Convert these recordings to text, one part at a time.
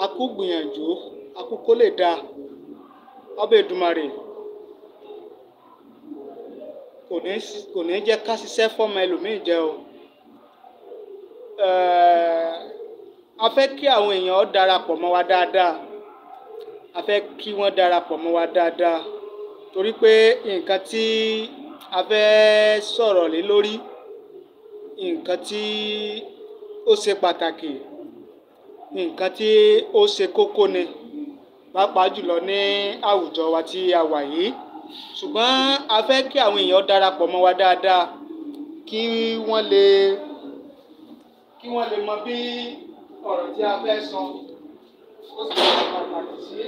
a kú gbìyànjú a kú kó lè dáa ọba Èdùmàrè kò ní jẹ́ ká ṣiṣẹ́ fọ́mọ ẹlòmíì jẹ o a fẹ́ kí àwọn èèyàn darapọ̀ mọ́ wa dáadáa a fẹ́ kí wọ́n darapọ̀ mọ́ wa dáadáa torí pé nǹkan tí a fẹ́ sọ̀rọ̀ lé lórí nǹkan tí ó ṣe pàtàkì nǹkan tí ó ṣe kókó ni pàápàá jùlọ ní àwùjọ wa tí a wà yìí ṣùgbọ́n a fẹ́ kí àwọn èèyàn darapọ̀ mọ́ wa dáadáa kí wọ́n lè kí wọ́n lè mọ bí ọ̀rọ̀ tí a fẹ́ sọ ó sì ṣe pàtàkì sí.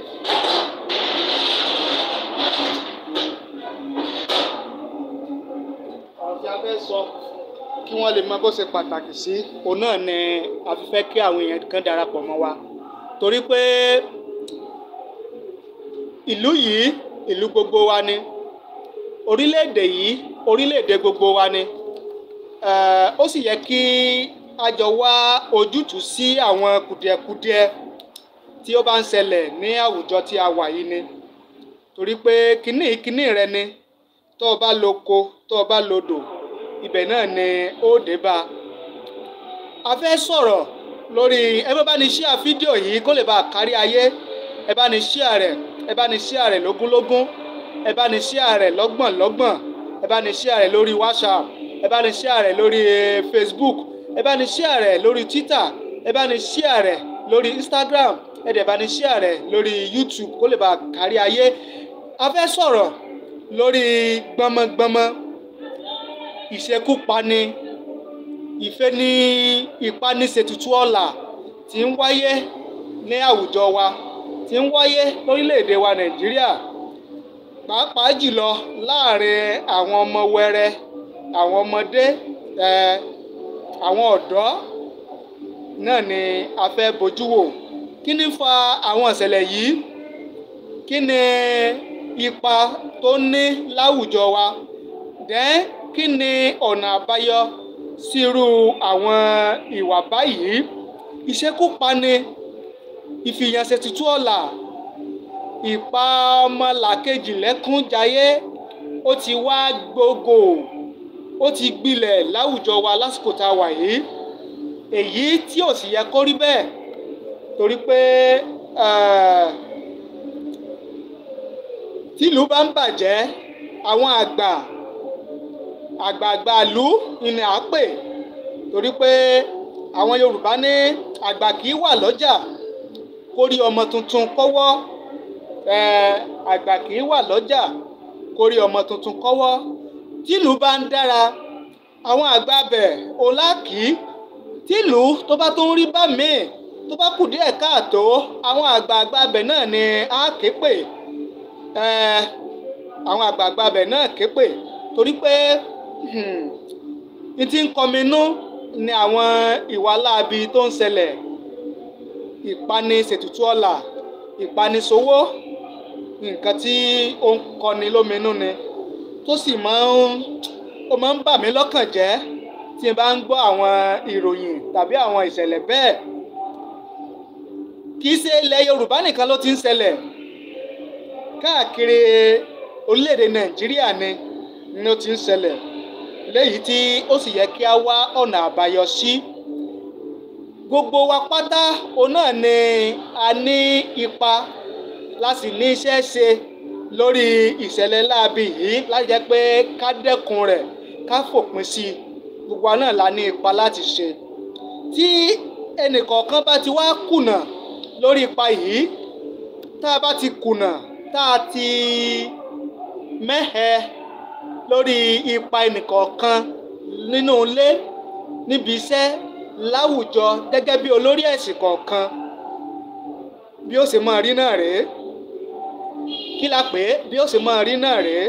ọ̀rọ̀ tí a fẹ́ sọ kí wọ́n lè mọ bó ṣe pàtàkì sí òun náà ni a fi fẹ́ kí àwọn èèyàn kan darapọ̀ mọ́ wa torí pé ìlú yìí ìlú gbogbo wa ni orílẹ̀-èdè yìí orílẹ̀-èdè gbogbo wa ni ó sì yẹ kí a jọ wá ojútùú sí àwọn kùdìẹ̀kudiẹ tí ó bá ń ṣẹlẹ̀ ní àwùjọ tí a wà yìí ni torí pé kínní kínní rẹ ni tó o bá lo ko tó o bá lo dò ibẹ̀ náà ni ó dé bá a fẹ́ sọ̀rọ̀ lórí ẹ bá bá ní ṣíà fídíò yìí kó lè bá a kárí ayé ẹ bá ní ṣíà rẹ̀ ẹ rẹ̀ lógúnlógún ẹ rẹ̀ lọ́gbọ̀nlọ́gbọ̀n ẹ bá rẹ̀ lórí WhatsApp ẹ bá ní rẹ̀ lórí eh, Facebook ẹ bá ní rẹ̀ lórí Twitter ẹ bá ní rẹ̀ lórí Instagram ẹ dẹ̀ bá rẹ̀ lórí YouTube kó lè bá a kárí ayé a fẹ́ sọ̀rọ̀ lórí gbọmọgbọmọ ìṣekúpani ìfẹ́ ní ìpaniṣètùtù ọ̀la tí ń wáyé ní àwùjọ wa tí ń wáyé lórílẹ̀‐èdè wa Nàìjíríà pàápàá jùlọ láàrin àwọn ọmọ wẹrẹ àwọn ọmọdé ẹ àwọn ọ̀dọ́ náà ni a fẹ́ bójú wò kí ni fa àwọn ìṣẹ̀lẹ̀ yìí kí ni ipa tó ní láwùjọ wa dẹ́n kí ni ọ̀nà àbáyọ sírú àwọn ìwà báyìí ìṣekúpani ìfìyànṣètùtù ọ̀la ìpa ọmọlàkejì lẹ́kúnjayé ó ti wá gbogbo ó ti gbilẹ̀ láwùjọ wa lásìkò tá a wà yìí èyí tí ò sì yẹ kó rí bẹ́ẹ̀ torí pé tìlú bá ń bàjẹ́ àwọn àgbà àgbààgbà ìlú ni à ń pè torí pé àwọn Yorùbá ní àgbà kì í wà lọ́jà kórí ọmọ tuntun kọ́wọ́ àgbà kì í wà lọ́jà kórí ọmọ tuntun kọ́wọ́ tìlú bá ń dára àwọn àgbà bẹ̀ ọ̀la kì í tìlú tó bá tó ń rí bá míì tó bá kù díẹ̀ káàtó àwọn àgbààgbà abẹ̀ náà ni a ké pè àwọn àgbààgbà abẹ̀ náà ké pè torí pé Hmm. n ti ń kọminú ni àwọn ìwà láabi tó ń ṣẹlẹ̀ ìpanisètùtù ọ̀la ìpanisowó nǹkan tí ó ń kọni lóminú ni tó sì máa ń ó máa ń bà mí lọ́kàn jẹ́ tí n bá ń gbọ́ àwọn ìròyìn tàbí àwọn ìṣẹ̀lẹ̀ bẹ́ẹ̀ kì í ṣe ilẹ̀ Yorùbá nìkan ló ti ń ṣẹlẹ̀ káàkiri orílẹ̀-èdè Nàìjíríà ni ni ó ti ń ṣẹlẹ̀ léyìí tí ó sì yẹ kí a wá ọ̀nà àbáyọ sí gbogbo wa pátá òun náà ni a ní ipa la sì ní iṣẹ́ ṣe lórí ìṣẹ̀lẹ̀ láabi yìí láti jẹ́ pé ká dẹ́kun rẹ̀ ká fòpin sí i gbogbo wa náà la ní ipa láti ṣe tí ẹnìkọ̀ọ̀kan bá ti wá kùnà lórí ipa yìí tá a bá ti kùnà tá a ti mẹ́hẹ̀ẹ́ lórí ipa ẹnìkọ̀ọ̀kan nínú ilé níbi iṣẹ́ láwùjọ gẹ́gẹ́ bí olórí ẹ̀sìn kọ̀ọ̀kan bí ó sì máa rí náà rèé kí la pè é bí ó sì máa rí náà rèé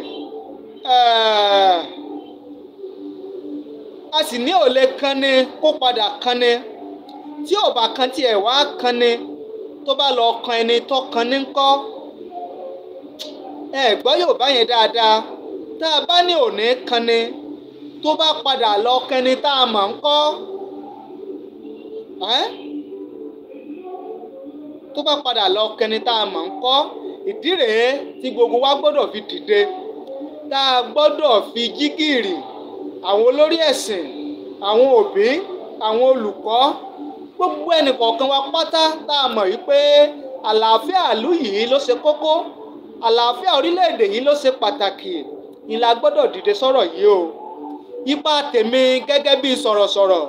a sì ní òòlè kanni kó padà kanni tí ò bá kan tiẹ̀ wá kanni tó bá lọ kan ẹni tó kanni ńkọ́ ẹ gbọ́ Yorùbá yẹn dáadáa. tá a bá ní òní kanni tó bá padà lọ kẹni tá a mọ̀ ń kọ́ tó bá padà lọ kẹni tá a mọ̀ ń kọ́ ìdí rèé tí gbogbo wa gbọ́dọ̀ fi dìde tá a gbọ́dọ̀ fi jígìrì àwọn olórí ẹ̀sìn àwọn òbí àwọn olùkọ́ gbogbo ẹnìkọ̀ọ̀kan wa pátá tá a mọ̀ yìí pé àlàáfíà ìlú yìí ló ṣe kókó àlàáfíà orílẹ̀-èdè yìí ló ṣe pàtàkì ìlà gbọ́dọ̀ dìde sọ̀rọ̀ yìí o ipa tèmi gẹ́gẹ́ bí sọ̀rọ̀sọ̀rọ̀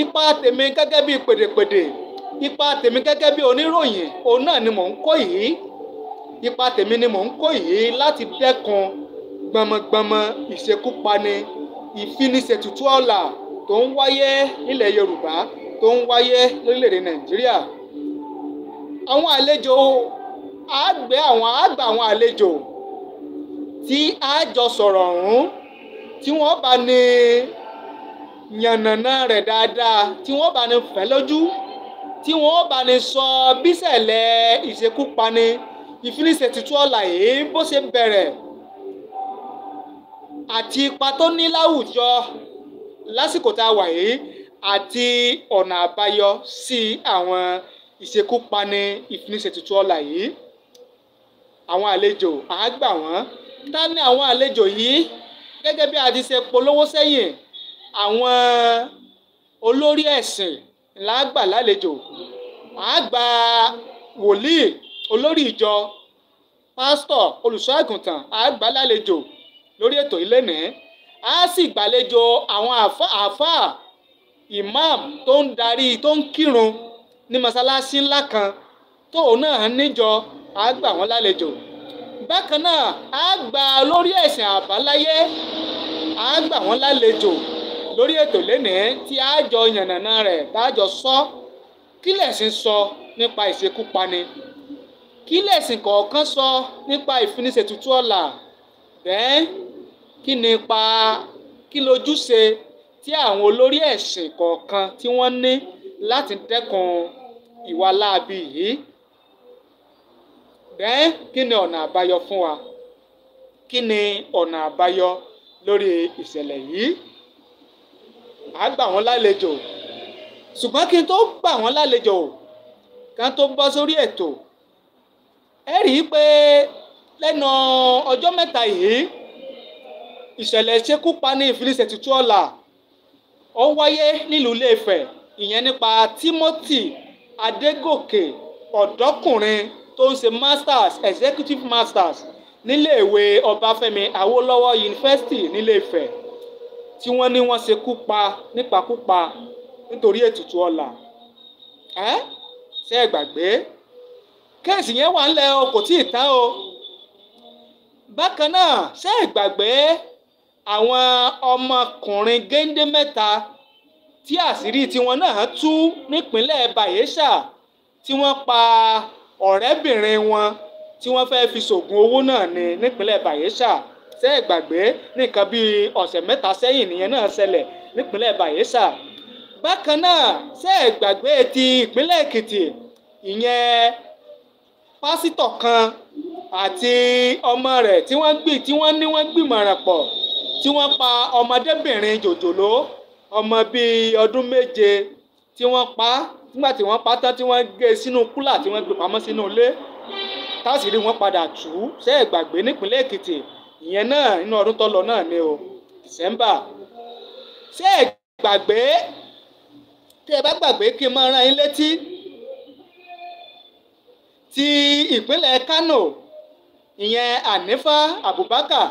ipa tèmi gẹ́gẹ́ bí pèdèpèdè ipa tèmi gẹ́gẹ́ bí oníròyìn òun náà ni mò ń kó yìí ipa tèmi ni mò ń kó yìí láti dẹ́kun gbọmọgbọmọ ìṣekúpani ìfiniṣètùtù ọ̀la tó ń wáyé nílẹ̀ Yorùbá tó ń wáyé lórílẹ̀‐èdè Nàìjíríà àwọn àlejò àgbẹ̀ àwọn àgbà àwọn àlejò tí a jọ sọ̀rọ̀ ọ̀hún tí wọ́n bá ní yànnàná rẹ̀ dáadáa tí wọ́n bá ní fẹ́ lójú tí wọ́n bá ní sọ bísẹ̀lẹ̀ ìṣekúpani ìfiníṣẹ́ tuntun ọ̀la yìí bó ṣe bẹ̀rẹ̀ àti ipa tó ní láwùjọ lásìkò tá a wà yìí àti ọ̀nà àbáyọ sí àwọn ìṣekúpani ìfiníṣẹ́ tuntun ọ̀la yìí àwọn àlejò àá gbà wọ́n ta ni àwọn àlejò yìí gẹ́gẹ́ bí a ti ṣe polówó sẹ́yìn àwọn olórí ẹ̀sìn làágbà lálejò àgbà wòlíì olórí ìjọ pásítọ̀ olùṣọ́ àgùntàn àgbà lálejò lórí ètò ìlénìí a sì gbàlejò àwọn àáfàá imam tó ń darí tó ń kírun ní mọ́sálásí ńlá kan tóun náà níjọ àgbà wọn lálejò bákan náà á gba lórí ẹ̀sìn àbáláyé á gbà wọ́n lálejò lórí ètò lénìí tí á jọ yànnàná rẹ̀ tá a jọ sọ kí lẹ̀sìn sọ nípa ìṣekúpani kí lẹ̀sìn kọ̀ọ̀kan sọ nípa ìfiniṣètùtù ọ̀la bẹ́ẹ̀ kí ni ipa kí lójúṣe tí àwọn olórí ẹ̀sìn kọ̀ọ̀kan tí wọ́n ní láti dẹ́kun ìwà yìí bẹ́ẹ̀ kí ni ọ̀nà àbáyọ fún wa kí ni ọ̀nà àbáyọ lórí ìṣẹ̀lẹ̀ yìí a gbà wọ́n lálejò ṣùgbọ́n kí n tó gbà wọ́n lálejò kan tó bọ́ sórí ètò ẹ rí i pé lẹ́nu ọjọ́ mẹ́ta yìí ìṣẹ̀lẹ̀ ìṣekúpani ìfilisẹ̀tìtú ọ̀la ó wáyé nílùú Ilé-Ifẹ̀ ìyẹn nípa Timothy Adégòkè ọ̀dọ́kùnrin tó ń ṣe masters executive masters níléèwé ọbáfẹ́mi awólọ́wọ̀ yunifásitì níléèfẹ̀ tí wọ́n ní wọ́n ṣekú pa nípakúpa nítorí ètùtù ọ̀la ẹ́ ṣe é gbàgbé kẹ́ẹ̀sì yẹn wà ńlẹ̀ o kò tí ì tán o bákan náà ṣe é gbàgbé àwọn ọmọkùnrin géńdé mẹ́ta tí àṣírí tiwọn náà tú nípínlẹ̀ bayelsa tí wọ́n pa ọ̀rẹ́bìnrin wọn tí wọ́n fẹ́ẹ́ fi ṣògùn owó náà ní nípínlẹ̀ Bayelsa ṣe é gbàgbé nìkan bíi ọ̀sẹ̀ mẹ́ta sẹ́yìn nìyẹn náà ṣẹlẹ̀ nípínlẹ̀ Bayelsa bákan náà ṣe é gbàgbé ti ìpínlẹ̀ Èkìtì ìyẹn pásítọ̀ kan àti ọmọ rẹ̀ tí wọ́n gbì tí wọ́n ní wọ́n gbìmọ̀ràn pọ̀ tí wọ́n pa ọmọdébìnrin jòjòló ọmọ bíi ọdún méje tí wọ́n pa á nígbà tí wọ́n pa tán tí wọ́n gé sínú kúlà tí wọ́n gbé pamọ́ sínú ilé táṣìírí wọn padà tú ṣé ẹ gbàgbé nípínlẹ̀ Èkìtì ìyẹn náà nínú ọdún tó náà ni o December ṣé ẹ gbàgbé tí ẹ bá gbàgbé kí n máa rán yín létí ti ìpínlẹ̀ Kano ìyẹn Hanifa Abubakar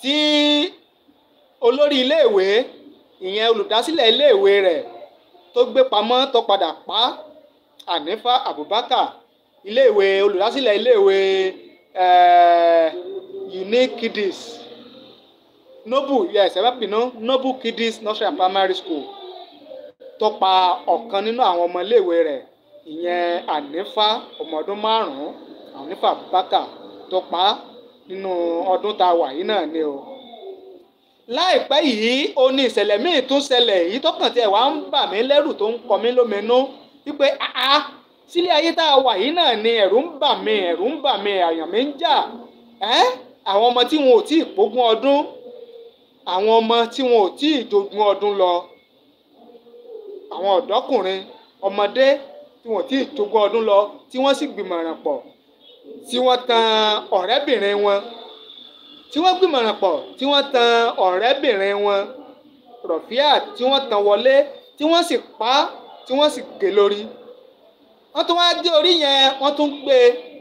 tí olórí iléèwé ìyẹn olùdásílẹ̀ iléèwé rẹ̀ tó gbé pamọ́ tó padà pa Hanifa Abubakar iléèwé olùdásílẹ̀ iléèwé eh, Unique Kiddies Noble yes ẹ bá pinnu Noble Kiddies nursery and primary school tó pa ọ̀kan nínú àwọn ọmọ iléèwé rẹ̀ ìyẹn Hanifa ọmọ ọdún márùn-ún Hanifa Abubakar tó pa nínú ọdún tá a wà yìí náà ni o láìpẹ́ yìí o ní ìṣẹ̀lẹ̀ míì tún ṣẹlẹ̀ èyí tó kàn tiẹ̀ wá ń bà mí lẹ́rù tó ń kọ mí lóminú wípé àá sílé ayé tá a wà yìí náà ni ẹ̀rù ń bà mí ẹ̀rù ń bà mí àyàn mi ń jà ẹ́ àwọn ọmọ tí wọn ò tíì pógún ọdún àwọn ọmọ tí wọn ò tíì jogún ọdún lọ àwọn ọ̀dọ́kùnrin ọmọdé tí wọn ò tíì jogún ọdún lọ tí wọ́n sì gbìmọ̀ràn pọ̀ tí wọ́n tan ọ̀rẹ́bìnrin wọn tí wọ́n gbìmọ̀ràn pọ̀ tí wọ́n tan ọ̀rẹ́bìnrin wọn Rọ̀fíà tí wọ́n tan wọlé tí wọ́n sì pa á tí wọ́n sì gé lórí wọ́n tún wáá dé orí yẹn wọ́n tún gbé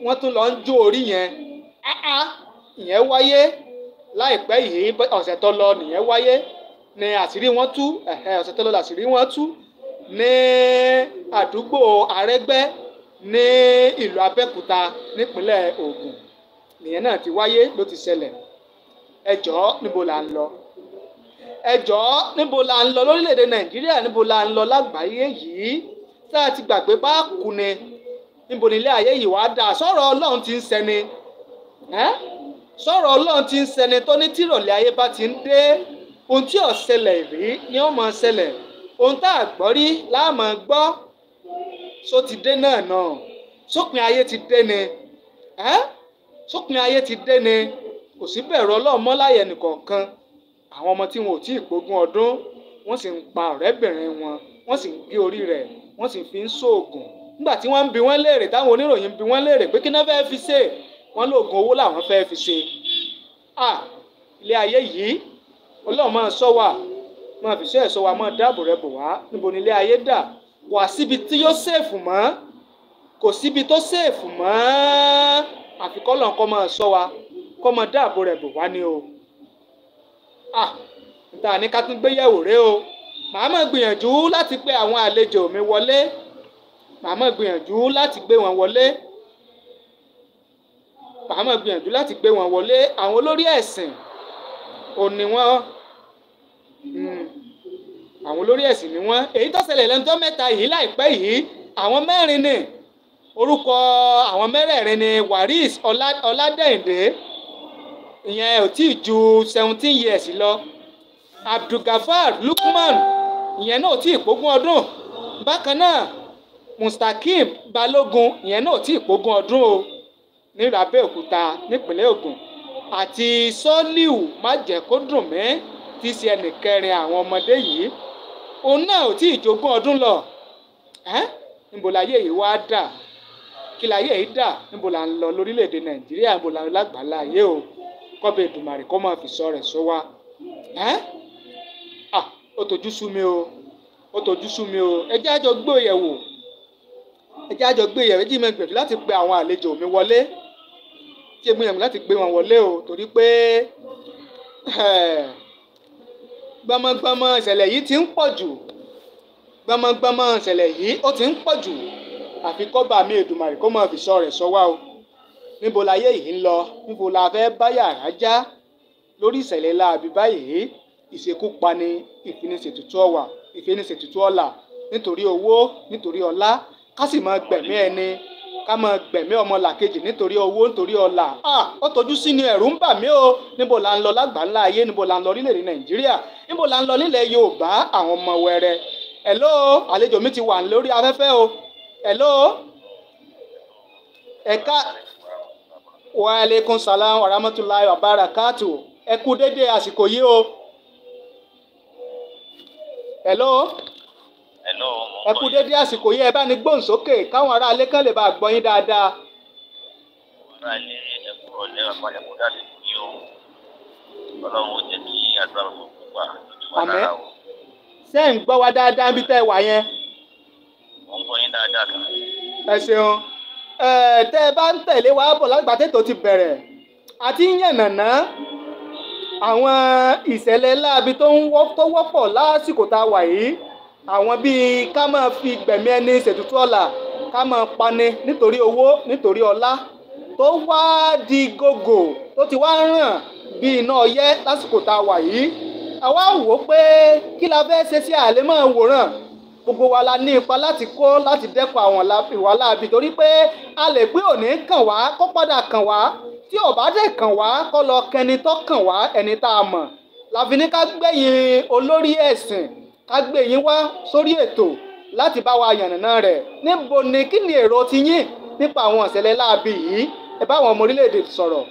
wọ́n tún lọ ń jó orí yẹn áá ìyẹn wáyé láìpẹ́ yìí ọ̀sẹ̀ tó lọ nìyẹn wáyé ni àṣírí wọn tú ọ̀sẹ̀ tó lọ làṣírí wọn tú ní àdúgbò Arẹ́gbẹ́ ní ìlú Abẹ́òkúta nípínlẹ̀ Ògùn nìyẹn náà ti wáyé ló ti ṣẹlẹ̀ ẹ jọ̀ọ́ níbo là ń lọ ẹ jọ̀ọ́ níbo là ń lọ lórílẹ̀‐èdè nàìjíríà níbo là ń lọ lágbàáyé yìí tá a ti gbàgbé bá kú ni níbo nílé ayé yìí wàá dáa sọ̀rọ̀ ọlọ́run ti ń sẹni sọ̀rọ̀ ọlọ́run ti ń sẹni tó ní tìrọ̀lẹ́ ayé bá ti ń dé ohun tí ò ṣẹlẹ̀ rí ni ó máa ṣẹlẹ̀ ohun tá a gbọ́ rí la máa gbọ́ só ti dé náà náà sópin ayé ti dé ni sópin ayé ti dé ni kò sí bẹ̀rù Ọlọ́run mọ́ láyé ẹnìkọ̀ọ̀kan àwọn ọmọ tí wọn ò tí ì pógún ọdún wọ́n sì ń pa ọ̀rẹ́bìnrin wọn wọ́n sì ń gé orí rẹ̀ wọ́n sì fi ń ṣoògùn nígbà tí wọ́n ń bi wọ́n léèrè táwọn oníròyìn ń bi wọ́n léèrè pé kí fẹ́ẹ́ fi ṣe wọ́n lóògùn owó làwọn fẹ́ẹ́ fi ṣe à ilé ayé yìí Ọlọ́run máa ṣọ́ wa máa fi ṣọ́ ẹ̀ṣọ́ wa máa dáàbò rẹ bò wá níbo ni ilé ayé dà wà síbi tí yóò ṣèfù mọ́ kò síbi tó ṣèfù mọ́ àfikọ́ lọ́nkọ́ máa ṣọ́ wa kó máa dáàbò rẹ̀ bò wá ni o ah níta ní ká tún gbéyẹ̀wò rẹ o màá máa gbìyànjú láti gbé àwọn àlejò mi wọlé màá máa gbìyànjú láti gbé wọn wọlé màá máa gbìyànjú láti gbé wọn wọlé àwọn olórí ẹ̀sìn ò ní wọ́n hmm, àwọn olórí ẹ̀sìn ni wọ́n èyí tó ṣẹlẹ̀ lẹ́nu tó mẹ́ta yìí láìpẹ́ yìí àwọn mẹ́rin ni orúkọ àwọn mẹ́rẹ̀ẹ̀rin ni Waris Ọládẹ́yìndé. Ola, ìyẹn ò tí ì ju seventeen years lọ abdulgafar lukman ìyẹn náà ò tí ì pógún ọdún bákan náà mustakim balógun ìyẹn náà ò tí ì pógún ọdún o nílùú abẹ́òkúta nípínlẹ̀ ògùn àti sọ́líù májẹ̀kódùnmí ti ṣe ẹnìkẹrin àwọn ọmọdé yìí òun náà ò tí ì jogún ọdún lọ níbo yìí wá dà kí yìí dà níbo ń lọ lórílẹ̀ nàìjíríà níbo là ń o kọ́bẹ̀ èdùmàrè kó máa fi sọ rẹ̀ sọ wá ẹ́ à ó tojú sú mi o ó tojú sú mi o ẹ jẹ́ àjọ gbé yẹ̀wò ẹ jẹ́ àjọ gbé yẹ̀wò ẹ jẹ́ ìmọ̀ gbìyànjú láti pe àwọn àlejò mi wọlé tí èmi yẹ̀wò láti gbé wọn wọlé o torí pé gbọmọgbọmọ ìṣẹ̀lẹ̀ yìí ti ń pọ̀ jù gbọmọgbọmọ ìṣẹ̀lẹ̀ yìí ó ti ń pọ̀ jù àfi kọ́ba mi èdùmàrè kó máa fi rẹ̀ sọ wá o níbo láyé yìí ń lọ níbo la fẹ́ bá yàrá já lórí ìṣẹ̀lẹ̀ láàbí báyìí ìṣekúpani ìfiniṣètùtù ọ̀wà ìfiniṣètùtù ọ̀là nítorí owó nítorí ọlá ká sì máa gbẹ̀mí ẹni ká máa gbẹ̀mí ọmọlàkejì nítorí owó nítorí ọlà ó tojú sí ni ẹ̀rù ń bà mí o níbo la ń lọ lágbàńlá ayé níbo la ń lọ orílẹ̀-èdè nàìjíríà níbo la ń lọ nílẹ̀ yorùbá àwọn ọmọ wẹrẹ hello àlejò mi ti wà lórí afẹ́fẹ́ o hello ẹ̀ka wa aleykum salaam wa rahmatulahi wa barakatu ẹ kú dédé àsìkò yìí o. hello. hello mo ń bọ̀ yín. ẹ kú dédé àsìkò yìí ẹ bá ní gbóhùn sókè káwọn ará alẹ́ kan lè bá gbọ́ yín dáadáa. ará ilé ẹ kúrò ní àpàlẹ̀ kó dà lè fún o ọlọ́run ó jẹ́ kí agbára tó kú wà lójú o. ṣé ń gbọ́ wa dáadáa níbi tẹ́ ẹ wà yẹn. mo ń gbọ́ yín dáadáa kan. ẹ ṣeun tẹ́ ẹ bá ń tẹ̀lé wa bọ̀ láti gbà tètò ti bẹ̀rẹ̀ àti yànnàná àwọn ìṣẹ̀lẹ̀ láabi tó wọ́pọ̀ lásìkò tá a wà yìí àwọn bíi ká máa fi gbẹ̀mí ẹni ṣètùtù ọ̀la ká máa pani nítorí owó nítorí ọlá tó wá di gògò tó ti wá ràn bí iná ọyẹ́ lásìkò tá a wà yìí àwa wò ó pé kí la fẹ́ ṣe sí àlè máa wòran gbogbo wa la ní ipa láti kó láti dẹ́kun àwọn ìwà láabi torí pé a lè pé òní kàn wá kó padà kàn wá tí ò bá dẹ̀ kàn wá kó lọ kẹni kàn wá ẹni tá a mọ̀ láfi ní ká gbẹ̀yìn olórí ẹ̀sìn ká gbẹ̀yìn wá sórí ètò láti bá wa yànnàná rẹ̀ níbo ni kí ni èrò ti yín nípa àwọn ìṣẹ̀lẹ̀ láabi yìí ẹ bá àwọn ọmọ orílẹ̀-èdè sọ̀rọ̀.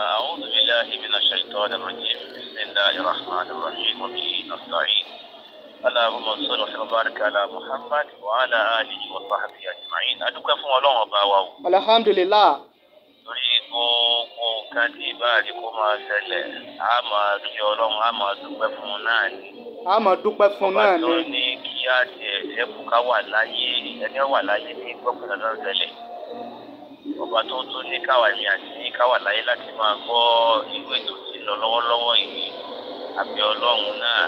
أعوذ بالله من الشيطان الرجيم بسم الله الرحمن اللهم صل وسلم وبارك على محمد وعلى اله وصحبه اجمعين adúpẹ́ fún ọlọ́run ọba wa o. alhamdulillah. torí gbogbo nǹkan tí ìbáàrí kó máa ṣẹlẹ̀ a máa kí ọlọ́run a máa dúpẹ́ fún náà ni. a máa dúpẹ́ fún náà ni. ọba tó ní kí á tiẹ̀ ẹ̀kú ká wà láyé ẹni wà láyé ní gbọ́pẹ́ dandan ṣẹlẹ̀ ọba tó tún ní káwa ní àti káwa láyé láti máa gbọ́ ìwé tó ti lọ lọ́wọ́lọ́wọ́ yìí àbí ọlọ́run náà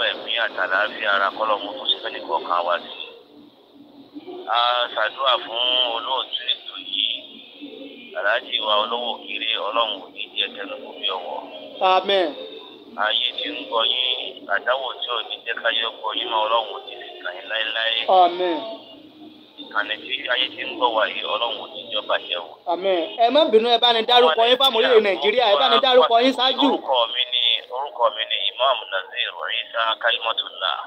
fún ẹ̀mí àtàlàáfíà ara kọ́lọ́mù tó ṣe fẹ́ẹ́ nìkan kan wá sí. a ṣàdúrà fún olóòtú ètò yìí aláàjì wa olówó kiri ọlọ́run ò ní jẹ́ tẹnukú bí ọwọ́. àmín. ayé tí ń gbọ́ yín àdáwò tí ò ní jẹ́ káyọ̀ gbọ́ yín máa ọlọ́run ò ní fi kàn yín láéláé. àmín. ìkànnì tí ayé ti ń gbọ́ wá yìí ọlọ́run ò ní jọ bàjẹ́ wò. àmín. ẹ má bínú ẹ bá ní dárúkọ yín fáwọn orílẹ̀ nàìjíríà ẹ bá ní dárúkọ yín ṣáájú. orúkọ mi ni orúkọ mi ni imam nazir isa kalimatullah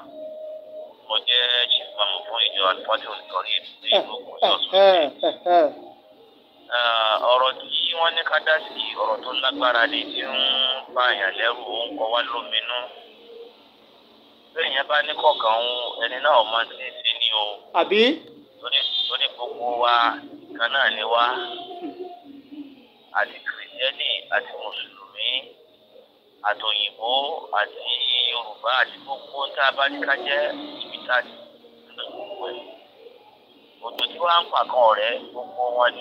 mo jẹ́ chief imam fún ìjọ alifati olùtọ́rí ní ìlú eh, eh, ọ̀sùn eh, ọ̀rọ̀ tí wọ́n ní ká dá sí ọ̀rọ̀ tó lágbára ni tí ń pààyàn lẹ́rù ó ń kọ́ wá lóminú bẹ́ẹ̀ yẹn bá ní kọ̀ọ̀kan ẹni náà ọmọ ti sí ni o. àbí. torí gbogbo wa kan náà ni wá àti hmm. kìrìsìtẹ́nì àti mùsùlùmí. àtòyìnbó àti yorùbá àti gbogbo tá a bá ní ká jẹ́ ibi tá a ti lò gbogbo òjò tí wọ́n ń pa kan ọ̀rẹ́ gbogbo wọn ń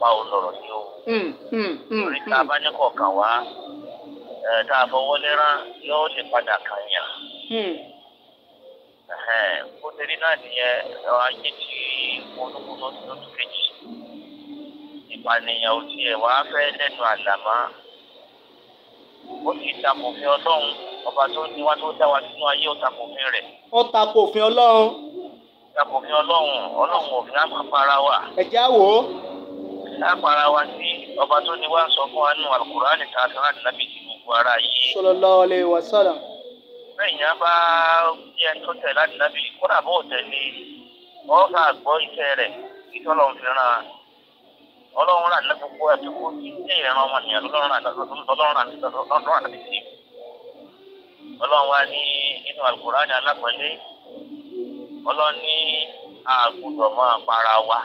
pa o. Hmm, hmm, hmm, torí tá a bá ní kọ̀ọ̀kan wá tá a fọwọ́ lẹ́rán yóò lè padà kàn yàn. ti náà nìyẹn ayé tí ó sì takò òfin ọlọ́run ọba tó ní wá tó dá wa sínú ayé ó takò òfin rẹ̀. ó takò òfin ọlọ́run. takò òfin ọlọ́run ọlọ́run òfin àpapara wa. ẹ̀jẹ̀ àwò. àpapara wa sí ọba tó ní wá sọ fún wa nínú Al-Qur'ani ta àtàrà nàbí ti gbogbo ara yìí. sallallahu alaihi wasallam. bẹ́ẹ̀ yẹn bá yẹ tó tẹ̀ láti nàbí kódà bó tẹ̀lé ọ̀ọ́ ọlọ́run rà ní gbogbo ẹ̀ tó kó ní ìran ọmọnìyàn lọ́lọ́run rà lọ́lọ́run rà lọ́lọ́run rà ní sí. ọlọ́run wa ní inú Al-Qur'an ní alápẹ̀lẹ́ ọlọ́run ní àgùdọ̀ máa para wa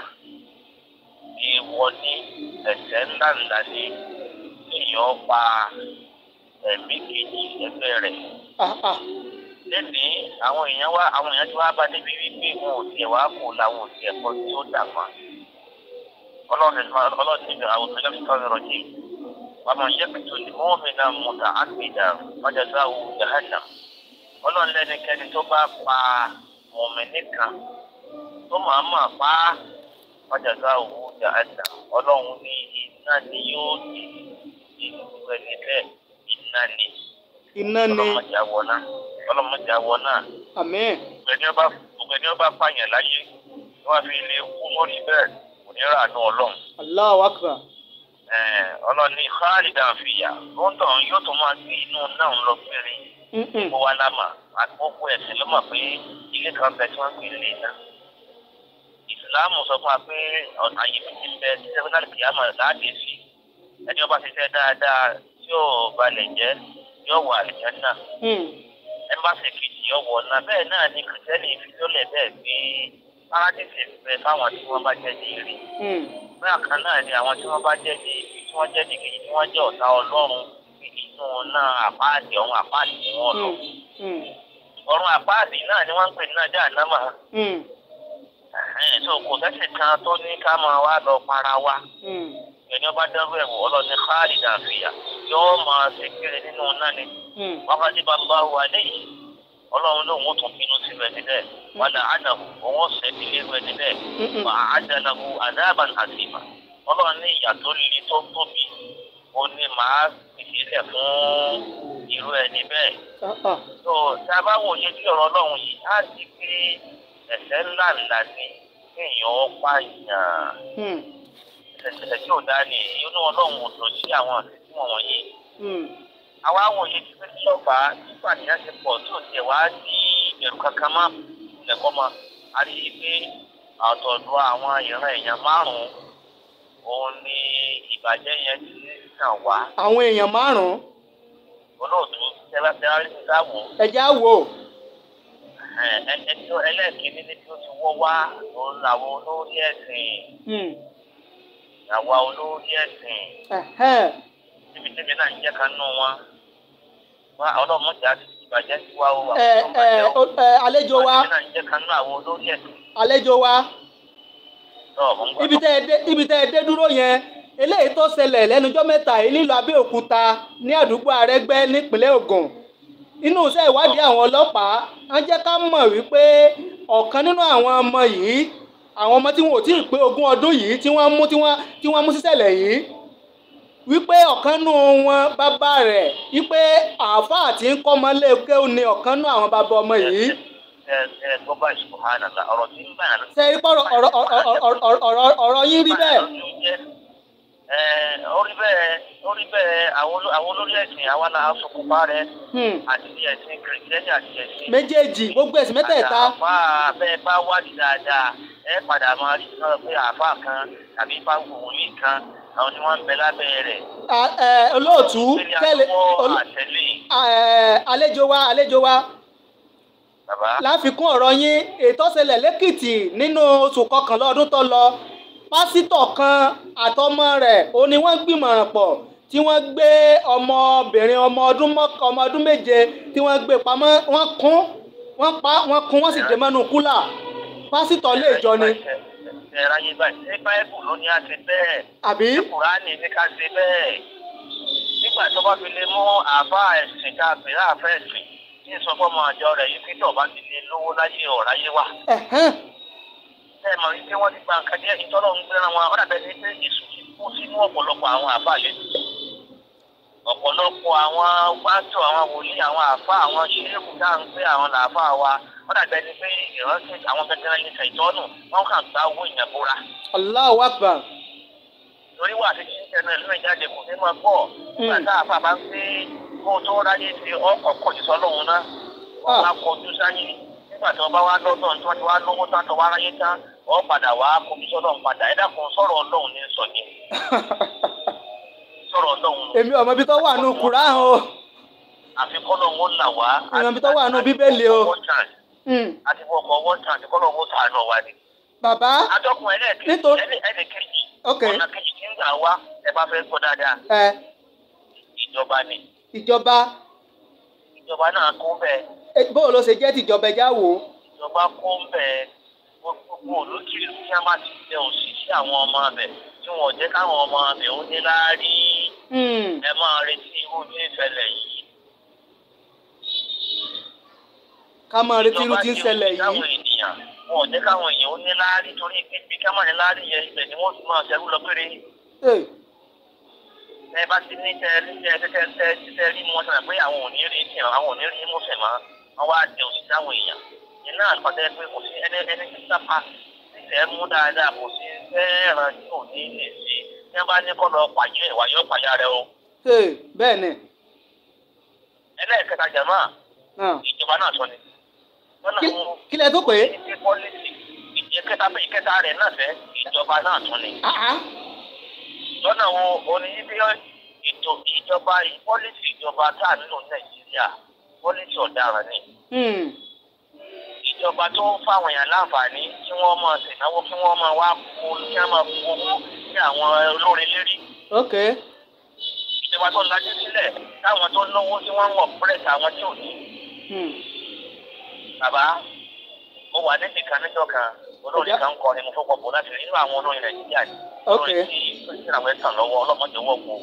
ìwọ ní ẹ̀ṣẹ̀ ńláńlá ní èèyàn pa ẹ̀mí kejì ẹgbẹ́ rẹ̀. Ah, ah. lẹ́ni àwọn èèyàn wá àwọn èèyàn tí wọ́n bá débi wípé wọn ò tiẹ̀ wá kó làwọn ò tiẹ̀ kọ́ tí ó dà ọlọ́run ẹ̀sùn ọlọ́run ti àwọn ọ̀sẹ̀lẹ̀ sọ̀rọ̀ rọ̀ jì ọmọ yẹ́pìtì mọ́mìnà mọ̀tà àgbèdà ọjọ́sá wù jahannam ọlọ́run lẹ́nikẹ́ni tó bá pa mọ̀mìnì kan tó máa máa pa ọjọ́sá wù jahannam ọlọ́run ní iná ni yóò di ìdúró ẹni bẹ́ẹ̀ iná ni iná ni ọlọ́mọdé àwọ̀ náà ọlọ́mọdé àwọ̀ náà ọba pààyàn láyé wọ́n fi lè kú mọ́rí bẹ́ẹ̀ nírànú ọlọ́run. Allahu akbar. ọlọ́run ní khalida fiya ó ń tàn yóò tún máa gbé inú náà lọ péré gbogbo wa lámà àgbókò ẹ̀sìn ló mọ̀ pé ilé kan bẹ tí wọ́n gbé lé náà ìsìláàmù sọ fún wa pé àyè mi ti bẹ sẹ́fúnálì kìyàmọ̀ láàdé sí ẹni ọba ti fẹ́ dáadáa tí ò balẹ̀ jẹ́ yóò wà àlìjẹ́ náà mm. ẹ má ṣe kejì ọwọ́ náà bẹ́ẹ̀ náà ni kìtẹ́lì fi tó bẹ́ẹ̀ gbé máa tètè bẹ fáwọn tí wọ́n bá jẹ́ ní ire. bẹ́ẹ̀ náà ni àwọn tí wọ́n bá jẹ́ ibi tí wọ́n jẹ́ ní kejì tí wọ́n jẹ́ ọ̀tá inú náà àpáàdì ọ̀hún àpáàdì ni lọ. àpáàdì náà ni wọn ń pè ní ajá ànámà. Hmm. kò sẹ́sẹ̀ kan tó ní ká máa para wa. Hmm. ẹni ọba dẹ́rù ẹ̀wọ̀ ọlọ́ni káàdì dàfíà máa ṣe kiri nínú náà ni. Hmm. bá ọlọ́run lòun ó tún bínú sí rẹ̀ níbẹ̀ mm-hmm. wàlà àdàbò òun ó sẹ́ nílé rẹ̀ níbẹ̀ mà mm-hmm. àdàlàbò àdàbàn àtìmà ọlọ́run ní ìyà tó tó tóbi ó ní màá ìfilẹ̀ fún irú ẹni bẹ́ẹ̀. tó uh-huh. tá a bá wò yé tí ọ̀rọ̀ ọlọ́run yìí á ti pé ẹ̀ṣẹ̀ ńlá ńlá ni kéèyàn ó pààyàn. Hmm. ẹ̀ṣẹ̀ tí ò dá ni inú ọlọ́run ò tó sí àwọn àti tí wọ́n wọ̀nyí. Hmm àwa àwọn òye ti fẹ́ sọ́fà nígbà tí a ti pọ̀ tí ò tiẹ̀ wá di ẹ̀rù kankan mọ́ lẹ́kọ́ mọ́ a rí i pé àtọ̀dọ̀ àwọn ìran èèyàn márùn-ún òun ni ìbàjẹ́ yẹn ti kàn wá. àwọn èèyàn márùn-ún. olóòtú tẹ́lẹ̀tẹ́lẹ̀ ti wò. ẹ̀jẹ̀ á wò. ẹlẹ́ẹ̀kínní ni tí ó ti wọ́ wá òun làwọn olórí ẹ̀sìn. Hmm. àwa olórí ẹ̀sìn níbi tẹ́mi náà ń jẹ́ ká nù wọn wá ọlọ́mọ jà sí ìbàjẹ́ wa o àwọn ọmọ àlejò wa àlejò wa ibi tẹ́ ẹ dé ibi tẹ́ ẹ dé dúró yẹn eléyìí tó ṣẹlẹ̀ lẹ́nujọ́ mẹ́ta yìí nílùú Abẹ́òkúta ní àdúgbò Arẹ́gbẹ́ nípínlẹ̀ Ògùn inú iṣẹ́ ìwádìí àwọn ọlọ́pàá wọ́n jẹ́ ká mọ̀ wípé ọ̀kan nínú àwọn ọmọ yìí àwọn ọmọ tí wọn ò tí ì pé ogún ọdún yìí tí wọ́n mú tí wọ́n mú síṣẹ̀lẹ̀ yìí wípé ọ̀kan wọn bàbá rẹ̀ wípé àáfàá tí ń ọmọ ni ọ̀kan àwọn bàbá ọmọ yìí. ṣe é pọ̀ ọ̀rọ̀ yín rí bẹ́ẹ̀. orí bẹ́ẹ̀ orí bẹ́ẹ̀ àwọn olórí ẹ̀sìn àwa la aṣọ pupa rẹ̀ hmm. àti ẹ̀sìn kìrìtẹ́nì àti ẹ̀sìn. méjèèjì gbogbo ẹ̀sìn mẹ́tẹ̀ẹ̀ta. àbá bẹ́ẹ̀ bá wádìí dáadáa ẹ padà máa rí kan pé àbá kan tàbí bá wù àwọn ni wọ́n ń bẹ lábẹ́ rẹ̀. olóòtú tẹ́lẹ̀ àlejò wa àlejò wa láfikún ọ̀rọ̀ yín ètò ṣẹlẹ̀ lẹ́kìtì nínú oṣù kọkànlá ọdún tó lọ pásítọ̀ kan àtọmọ rẹ̀ ó ní wọ́n gbìmọ̀ràn pọ̀ tí wọ́n gbé ọmọbìnrin ọmọ ọdún mọ́kàn ọmọ ọdún méje tí wọ́n gbé pamọ́ wọ́n kún wọ́n pa wọ́n kún wọ́n sì dé mọ́nú kúlà pásítọ̀ lè jọ ni. Yeah, ẹ̀rọ ayé báyìí ṣé báyìí ló ní àti bẹ́ẹ̀ àbí kùránì ní ká ṣe bẹ́ẹ̀ nígbà tó bá fi lè mú àbá ẹ̀sìn ká bẹ̀rẹ̀ àfẹ́ ẹ̀sìn ní ìsọfọ́mọ àjọ rẹ̀ yìí fi tọ̀ bá ti lè lówó láyé ọ̀rá yé wa. ẹ mọ̀ wípé wọ́n ti gba nǹkan díẹ̀ ìtọ́lọ́ ń gbéra wọn ọ̀dà bẹ́ẹ̀ ni pé èso ti kú sínú ọ̀pọ̀lọpọ̀ àwọn àbá yẹn ọ̀pọ̀lọpọ̀ àwọn pásítọ̀ àwọn wòlíì àwọn àfa àwọn ṣílẹ̀kù tá à àwọn làáfà wa wọ́n dàgbẹ́ ni pé ìrántí àwọn gẹ́gẹ́ ní ṣèjọ́nù wọ́n kàn gba owó ìyàbúra. Allahu Akbar. torí wà á ti ṣe ẹnu ìlú ìjáde kò ní máa bọ̀ hmm. nígbà tá a fà bá ń pé kó tó ráyè ti ọkọ̀ kọjú sọ́lọ́hún náà wọ́n ah. á kọjú sáyé nígbà tí wọ́n bá wá lọ́dọ̀ tí wọ́n ti wá lówó tán tó wá ráyè tán wọ́n padà wá kọjú sọ́dọ̀ padà ẹ̀dá kan sọ̀rọ̀ ọlọ́run ní sọ ni. sọ̀rọ̀ ọlọ́run. èmi ọmọ ibi tó wà nù kúrá o. àfikún ọlọ́run ó là wá. èmi tó wà nù bíbélì o. àfikún ọlọ́run ó là wá àti wọn mọ wọn tàn kọ́ lọ́wọ́ sàánù wa ni. bàbá atọ́kùn ẹlẹ́ẹ̀kejì ẹlẹ́ẹ̀kejì ọ̀nà kejì tí ń gbà wá ẹ bá fẹ́ kọ́ dáadáa. ìjọba ni. ìjọba. ìjọba náà kó bẹ́ẹ̀. bóòlù ló ṣe jẹ́ tìjọba ẹja wò. ìjọba kó bẹ́ẹ̀ gbogbo olókìlì tí a máa ti tẹ òṣìṣẹ́ àwọn ọmọ abẹ tí wọn jẹ́ káwọn ọmọ abẹ ó ní láàárín hmm. ẹ máa retí irú ní ìfẹ̀lẹ̀ yìí. ká máa retí irú tí ń ṣẹlẹ̀ yìí. ìjọba ti ń wọn ò jẹ́ káwọn èèyàn ó ní láárí torí pípí ká má ní láárí yẹn ibẹ̀ ni wọ́n ti máa ṣẹ́rú lọ péré. ẹ bá ti ní tẹ ní tẹ tẹ tẹ tẹ rí mu wọn sọ̀rọ̀ pé àwọn ò ní rí ní àwọn ò ní rí mọ̀fẹ́ mọ́ wọn wá jẹ òṣìṣẹ́ àwọn èèyàn yìí náà pàtẹ pé kò sí ẹni ẹni tí sápá ti tẹ̀ mú dáadáa kò sí fẹ́ẹ̀ràn tí ò ní lè ṣe tí wọ́n bá ní kọ́ ẹlẹ́ẹ̀kẹta jàmáà ah. ìjọba náà sọ ni kí lẹ tó pé. ìkẹta pé ìkẹta rẹ̀ náà fẹ́ ìjọba náà tún ni. Ah, ah. lọ́nà wo oníyíbíyàn ètò ìjọba pọ́lísì ìjọba tá a nílò nàìjíríà pọ́lísì ọ̀daràn ni. Hmm. ìjọba tó ń fáwọn èèyàn láǹfààní kí wọ́n máa ṣènáwó kí wọ́n máa wá kó kí wọ́n máa kó owó sí àwọn olórin lérí. ìjọba tó lajú sílẹ̀ táwọn tó náwó tí wọ́n ń wọ̀ pẹ́rẹ́sì àwọn tí ò ní. Hmm bàbá mo wà níbi kan níjọ kan olórí kan kọ ni mo fọwọ́ bọ̀ láti nínú àwọn olórin nàìjíríà ni olórí tí christian àwọn ẹ̀sán lọ́wọ́ ọlọ́mọdé wọ̀ kó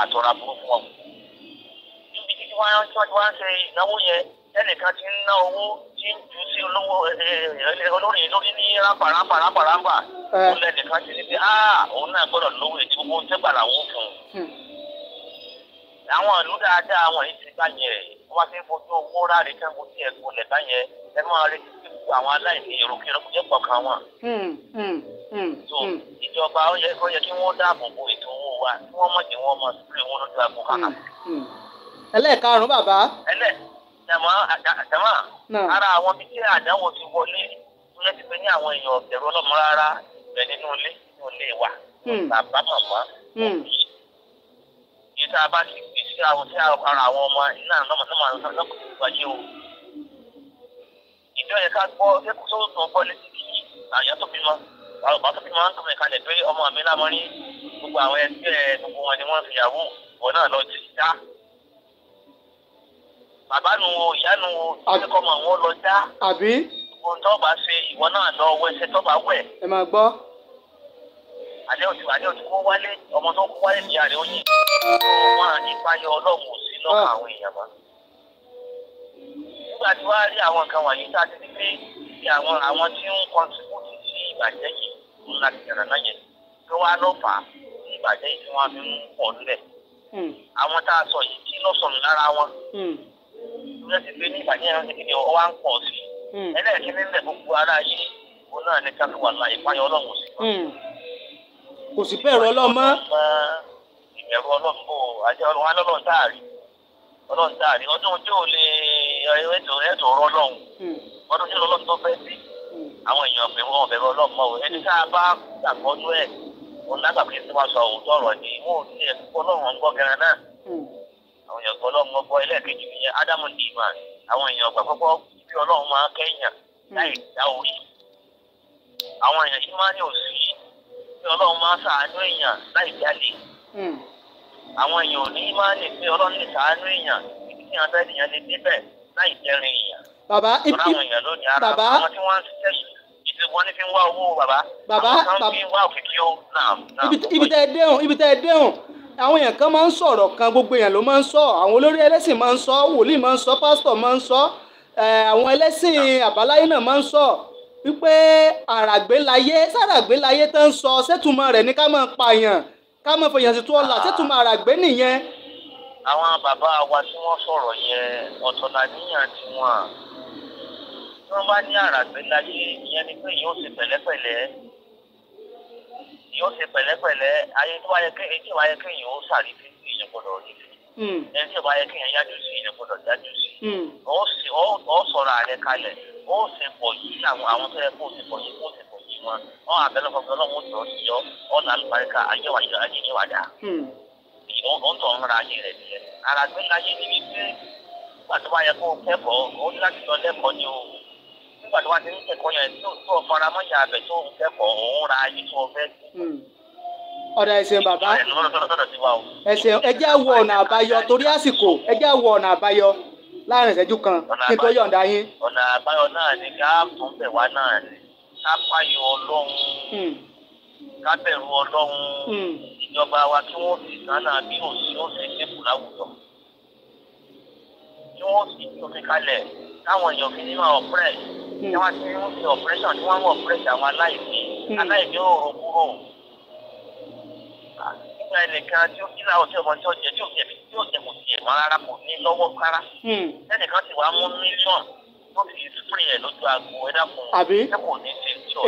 àtọ́ra burú fún wọn. níbi títí wọn tí wọn ṣe ìnáwó yẹn ẹnìkan ti ń ná owó tí ń jù sí olówó eh, eh, olórí lórí ní rápa rápa rápa rápa òun eh. lẹnìkan ti ní pé ah, òun náà gbọ́dọ̀ lówó èdè gbogbo ń tẹ́gbà làwọn fún un. Hmm. àwọn ìlú dáadáa àwọn yìí ti bá yẹn wọ́n bá ti ń fojú owó ráre kí wọ́n ti ẹ̀kọ́ bá àwọn aláìní kò jẹ́ wọn. Hmm, hmm, hmm, so ìjọba ó yẹ kí dáàbò bo ètò owó wa kí lójú ẹlẹ́ẹ̀karùn-ún bàbá. ẹlẹ́ ara àwọn bíi ti wọlé tó yẹ ti pé ní àwọn èèyàn ọlọ́mọ rárá nínú ilé nínú ilé wa bàbá sí àwọn àwọn ọmọ iná nọ́mọ̀ tó máa ń lọ́kùn o. ìjọ yẹn ká gbọ́ ẹkú tó tó gbọ́ létí kí àyà bímọ àwọn bímọ ń tọ́mọ ìkàlẹ̀ pé ọmọ mi lámọ́ gbogbo àwọn ẹgbẹ́ gbogbo wọn ni wọ́n fi yàwó wọn náà lọ jì já. bàbá nu wo ìyá nu wo ìṣẹ́kọ̀ mọ̀ wọn lọ já. àbí. gbogbo tó bá ṣe ìwọ náà lọ wẹsẹ̀ tó bá wẹ̀. ẹ máa gbọ́ àdé òtí àdé òtí kó wálé ọmọ tó kó wálé ní àdé oyin wọn à ní payọ ọlọ́run sí lọ́kàn ah. àwọn èèyàn mọ́. nígbà tí wàá rí àwọn nǹkan wọ̀nyí tá a ti ti pé ti àwọn àwọn tí ń kọntribútì sí ìbàjẹ́ yìí ń la tìjàrà náà yẹn tó wá lọ́ fà á sí ìbàjẹ́ yìí tí wọ́n fi ń pọ̀ lulẹ̀. Hmm. àwọn tá a sọ yìí kí ló sọnù lára wọn. Hmm. wọ́n pé ní ìbàjẹ́ yẹn ti kò sí bẹ̀rù ọlọ́mọ. ìbẹ̀rù ọlọ́mọ àjọ ọlọ́run alọ́lọ́ táàrí ọlọ́run táàrí ọdún tí ò lè ẹ̀tọ́ ẹ̀tọ́ ọ̀rọ̀ ọlọ́run hmm. ọdún tí ọlọ́run tó fẹ́ sí hmm. àwọn èèyàn bẹ̀rù wọn bẹ̀rù ọlọ́mọ o ẹni tá a bá gbàgbọ́dún ẹ̀ òun lágbàgbé tí wọ́n sọ òótọ́ ọ̀rọ̀ ni wọn ò ní ẹ̀kọ́ ọlọ́run ń gbọ́ gẹ̀rẹ́ náà hmm. àwọn èèyàn gbọ́ ọlọ́run gbọ́ ẹlẹ́ẹ̀kejì nìyẹn ádámù ní ìmọ̀ àwọn èèyàn gbàgbọ́ bí ọlọ́run máa kẹ́yìn láì pé ọlọ́run máa ṣàánú èèyàn láì jálè hmm. àwọn èèyàn ò ní máa lè pé ọlọ́run lè ṣàánú èèyàn ibi tí wọn fẹ́ nìyẹn lè débẹ̀ láì jẹrin èèyàn. bàbá ibi bàbá àwọn èèyàn lónìí ara àwọn tí wọ́n ń ṣiṣẹ́ yìí ìṣègùn ní fi ń wá owó bàbá bàbá bàbá ibi tẹ́ ẹ déhùn ibi tẹ́ ẹ déhùn àwọn èèyàn kan máa ń sọ̀rọ̀ kan gbogbo èèyàn ló máa ń sọ àwọn olórí ẹlẹ́sìn máa ń sọ wòlíì máa ń sọ pásítọ̀ máa ń sọ àwọn ẹlẹ́sìn àbáláyé náà máa ń sọ wípé àràgbélayé sàràgbélayé tó ń sọ sẹ́tùmọ̀ rẹ̀ ní ká máa pààyàn ká máa fòyàn sí tó ọ̀la sẹ́tùmọ̀ àràgbé nìyẹn. àwọn bàbá wa tí wọ́n sọ̀rọ̀ yẹn ọ̀tọ̀ làníyàn tiwọn tí wọ́n bá ní àràgbélayé ìyẹn ni pé yóò ṣe pẹ̀lẹ́pẹ̀lẹ́ yóò ṣe pẹ̀lẹ́pẹ̀lẹ́ ayé tó wáyé kéèyàn tí wáyé kéèyàn ó sàrífín sí ìyẹn gbọ́dọ̀ rí sí ẹni hmm. tí yájú sí ìyẹn gbọ́dọ̀ yájú sí ọ hmm. sọ̀rọ̀ àrẹ kalẹ̀ ó sì pọ̀ yìí àwọn tó yẹ kó sì pọ̀ yìí kó sì pọ̀ yìí wọn wọn àbẹ̀lẹ̀ kọ̀ọ̀kan ọlọ́run ó jọ sí ọ̀nà àlùbáríkà ayé yọ ayé wà dà. Hmm. ó ń tọ̀ ń ra ayé rẹ̀ nìyẹn ara gbé láyé ni wípé nígbà bá yẹ kó kẹ́kọ̀ọ́ ó ní láti lọ lẹ́kọ̀ọ́ ni o nígbà tó bá ti ń kẹ́kọ̀ọ́ yẹn tó faramọ́ ìyá abẹ tó ń kẹ́kọ̀ọ́ òun ra ayé tó fẹ́ hmm. ọ̀dà ẹ̀sìn bàbá ẹ̀sìn ẹ̀jẹ̀ wọ ọ̀nà àbáyọ torí àsìkò ẹ̀jẹ̀ wọ ọ̀nà àbáyọ láàrin ìṣẹ́jú kan kí n tó yọ̀ǹda yín. ọ̀nà àbáyọ náà ni ká tún bẹ̀ wá náà ni ká pààyàn ọlọ́run hmm. ká bẹ̀rù ọlọ́run hmm. ìjọba wa kí wọ́n sì gánà bí òsì ọ̀sẹ̀ kẹ́kù láwùjọ kí wọ́n sì tóbi kalẹ̀ káwọn èèyàn fi ní máa ọ̀pẹ́rẹ́ hmm. kí wọ́n ti ń ṣe ọ̀pẹ́rẹ́sàn tí wọ́n ń ọ̀pẹ́rẹ́sì àwọn aláìní aláìní òòrùn kúrò nípa ẹnìkan tí ó kí láwọn tí ọmọ tí ó jẹ tí ó jẹ tí ó jẹ kò tiẹ̀ mọ́ rárá kò ní lọ́wọ́ rárá. Hmm. ẹnìkan ti wá mú mílíọ̀nù tó fi spray ẹ̀ lójú aago ẹ dákun ẹ kò ní ṣe tí ò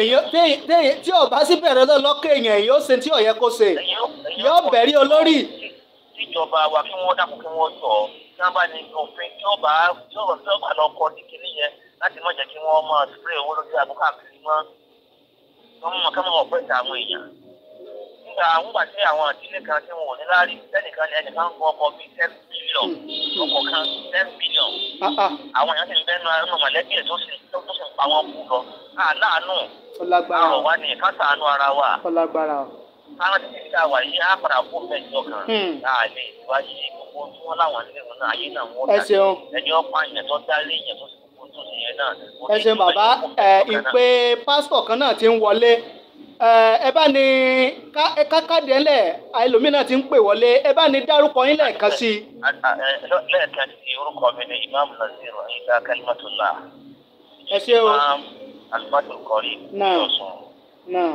yẹ. tí ò bá sí bẹ̀rẹ̀ lọ lọ́kọ̀ èèyàn èyí ó ṣe tí ò yẹ kó ṣe yóò bẹ̀rí olórí. ìjọba wa kí wọ́n dákun kí wọ́n sọ tí wọ́n bá ní òfin tí ọba tí ọba ní kinní yẹn láti má jẹ́ kí wọ́n máa spray owó lójú aago káàkiri mọ́ wọ́n mọ̀ kí wọ́n mọ̀ nígbà tí àwọn àdílé kan tí wọn ò ní láàrí ẹnìkan ẹnìkan ń gun ọkọ̀ bíi ten billion ọkọ̀ kan ten billion ah, ah. àwọn èèyàn ti ń bẹ́nu ẹnu mọ̀lẹ́bí ẹ̀ tó sì tó sì ń pa wọn kú lọ àláàánú àrò wa ni ká ṣàánú ara wa àwọn ti ti ká wà yìí á padà kó mẹ́jọ kan hmm. láàlẹ́ ìwádìí gbogbo tí wọ́n láwọn nínú ayé náà wọ́n dà ẹni ọ̀pá yẹn tó dá lé ẹ ṣeun bàbá ẹ ìpè pásítọ̀ kan náà ti ń wọlé Eh, ẹ bá ní kákàdé ńlẹ̀ ẹlòmínà ti ń pè wọlé ẹ bá ní dárúkọ yín lẹ́ẹ̀kan sí i. lẹ́ẹ̀kan sí orúkọ mi ni imam naziru ayika kalimatullah. ẹ ṣe o. imam alimadu kọrí ní ọ̀sán.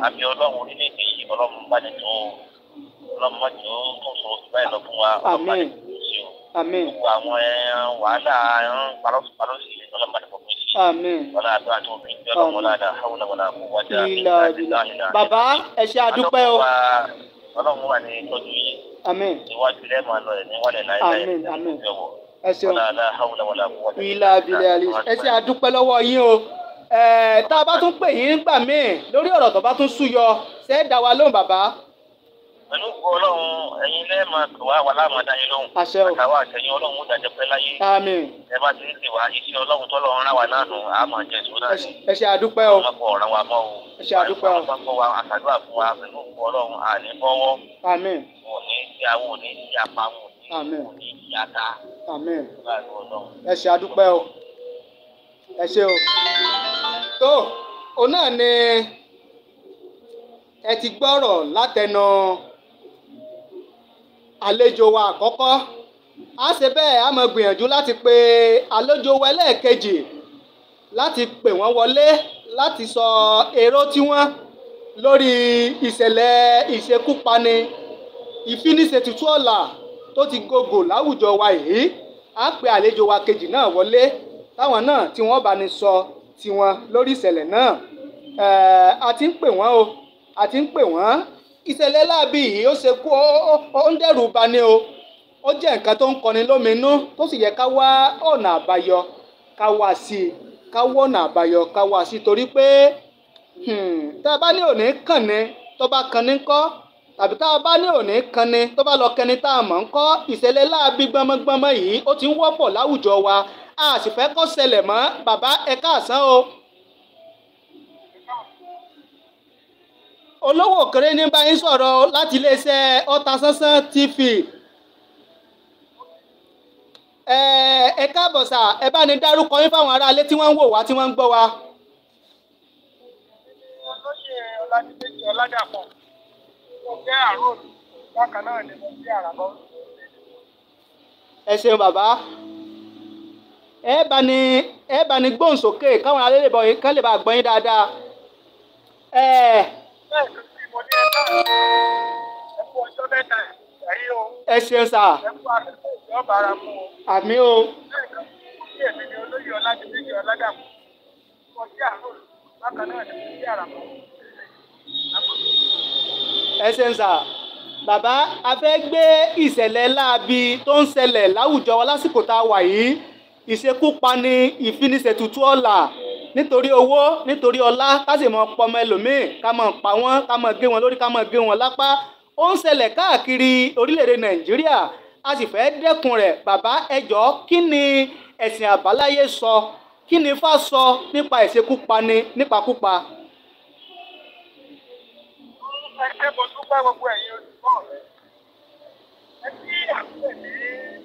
àmì ọlọ́run orílẹ̀-èdè yìí ọlọ́run bá ní tó ọlọ́run bá tó tó sọ báyìí lọ fún wa ọlọ́run bá ní tó sí o. gbogbo àwọn wàhálà parọ́sì parọ́sì ọlọ́run bá ní tó fún wọlé àdúrà tó bí jọlọ wọlé àdá hàwùlà wọlé àkúwájà ìlà ìlà ìlà. bàbá ẹ ṣe àdúpẹ́ o. ọlọ́run wà ní ìtọ́jú yìí. iwájú rẹ̀ máa lọ ẹ̀ ní ẹ ṣe àdúpẹ́ lọ́wọ́ yín o tá a bá tún pè yín nígbà míì lórí ọ̀rọ̀ tó bá tún súyọ ṣe é dá wa lóhùn bàbá pẹ̀lú ọlọ́run ẹ̀yin lẹ́ẹ̀ máa kọ̀ wá wà láàmúdá yín lóhùn. àṣẹ o àtàwọn àtẹ̀yìn ọlọ́run ó dàjẹ́ pẹ́ láyé. àmín. ẹ bá ti ń sè wá iṣẹ́ ọlọ́run tó lọ́run rán wa náà nù á máa jẹ ìṣúná ni. ẹ ṣe àdúpẹ́ o. ọmọ kọ ọ̀ràn wa mọ́ o. ẹ ṣe àdúpẹ́ o. ọmọ kọ wa àtàdúrà fún wa pẹ̀lú ọlọ́run àní bọ́wọ́. àmín. òní ti òní ti ẹ ni ẹ ti gbọ́rọ̀ látẹnu àlejò wa àkọ́kọ́ a ṣe bẹ́ẹ̀ a máa gbìyànjú láti pe àlejò wa ẹlẹ́ẹ̀kejì láti pè wọ́n wọlé láti sọ èrò tiwọn lórí ìṣẹ̀lẹ̀ ìṣekúpani ìfiniṣètùtù ọ̀la tó ti gògò láwùjọ wa yìí a pe àlejò wa kejì náà wọlé táwọn náà tí wọ́n bá ní sọ tiwọn lórí ìṣẹ̀lẹ̀ náà a ti ń pè wọ́n o a ti ń pè wọ́n ìṣẹ̀lẹ̀ yi yìí ó ṣe kú ó ń o ó jẹ́ nǹkan tó ń kọni lóminú tó sì yẹ ká wá ọ̀nà àbáyọ ká wá sí i ká wá ọ̀nà àbáyọ ká wá sí i torí pé hmm, tá a bá ní òní tó bá kọ́ tàbí tá a lọ kẹni tá a mọ̀ ń kọ́ gbọmọgbọmọ yìí ó ti ń wọ́pọ̀ láwùjọ wa a sì fẹ́ ṣẹlẹ̀ mọ́ bàbá o. olówó òkèrè ní bá sọ̀rọ̀ láti iléeṣẹ́ Ọ̀tàsánsán TV ẹ káàbọ̀ sà ẹ bá ní dárúkọ yín fáwọn aráalé tí wọ́n ń wò wá wa. olóyè ọládàpọ̀ mo jẹ́ àrùn bákan náà ni mo àràbọ̀. ẹ ṣeun bàbá ẹ bá ní ẹ bá ní gbóhùn sókè káwọn aráalé lẹ́ẹ̀kan sí mo ní ẹ̀ka ẹ kú ẹ ṣeun àmì o. lẹ́ẹ̀kan sí èmi ni bàbá a fẹ́ gbé ìṣẹ̀lẹ̀ láabi tó ń ṣẹlẹ̀ láwùjọ wa lásìkò tá a wà yìí ìṣekúpani ìfiniṣètùtù ọ̀la nítorí owó nítorí ọlá ká sì mọ pọmọ ẹlòmíì ká mọ pa wọn ká mọ gé wọn lórí ká mọ gé wọn lápá ó ń ṣẹlẹ̀ káàkiri orílẹ̀-èdè nàìjíríà a sì fẹ́ dẹ́kun rẹ̀ bàbá ẹjọ́ kí ni ẹ̀sìn àbáláyé sọ kí ni ifá sọ nípa ìṣekúpani nípakúpa. ẹ ṣe mo dúpẹ́ gbogbo ẹ̀yin olùkọ́ rẹ̀ ẹ tí àpè ní ìdílé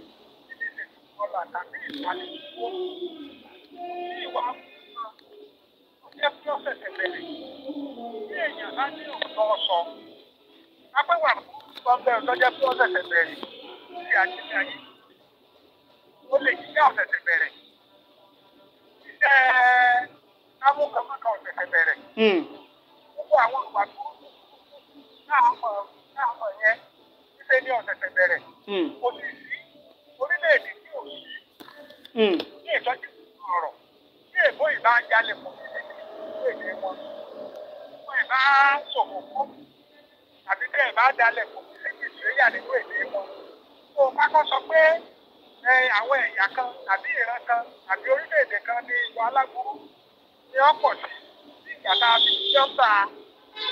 ìṣèjọba tàbí ìpalẹ̀ ìṣòwò tí ìwà jẹ́ kí ọ̀sẹ̀ tẹ̀lé bí èèyàn bá ní òótọ́ sọ apẹ́wà sọ́ńbẹ́ lọ́jọ́ kí ọ̀sẹ̀ tẹ̀lé sí àjíní ayé ó lè jíjẹ́ ọ̀sẹ̀ tẹ̀lé iṣẹ́ amúkọ̀mọ́kọ̀ ọ̀sẹ̀ tẹ̀lé gbogbo àwọn ìwà tó náà mọ̀ náà mọ̀ yẹn ṣe ní ọ̀sẹ̀ tẹ̀ bẹ̀rẹ̀. Hmm. Kò sì sí orílẹ̀-èdè tí ò sí. Hmm. Ní ìtọ́jú ọ̀rọ̀, ní èkó ìbá jalè kò sí èdè wọn tó ẹ bá ṣòfòfò àbí tẹ ẹ bá dalẹ̀ kò sí sí ìṣẹ́yà nínú èdè wọn tó kákọ́ sọ pé àwọn ẹ̀yà kan àbí ìran kan àbí orílẹ̀-èdè kan ní ìwà alágbóró ni wọ́n pọ̀ sí ní ìgbà tá a fi jọ́ta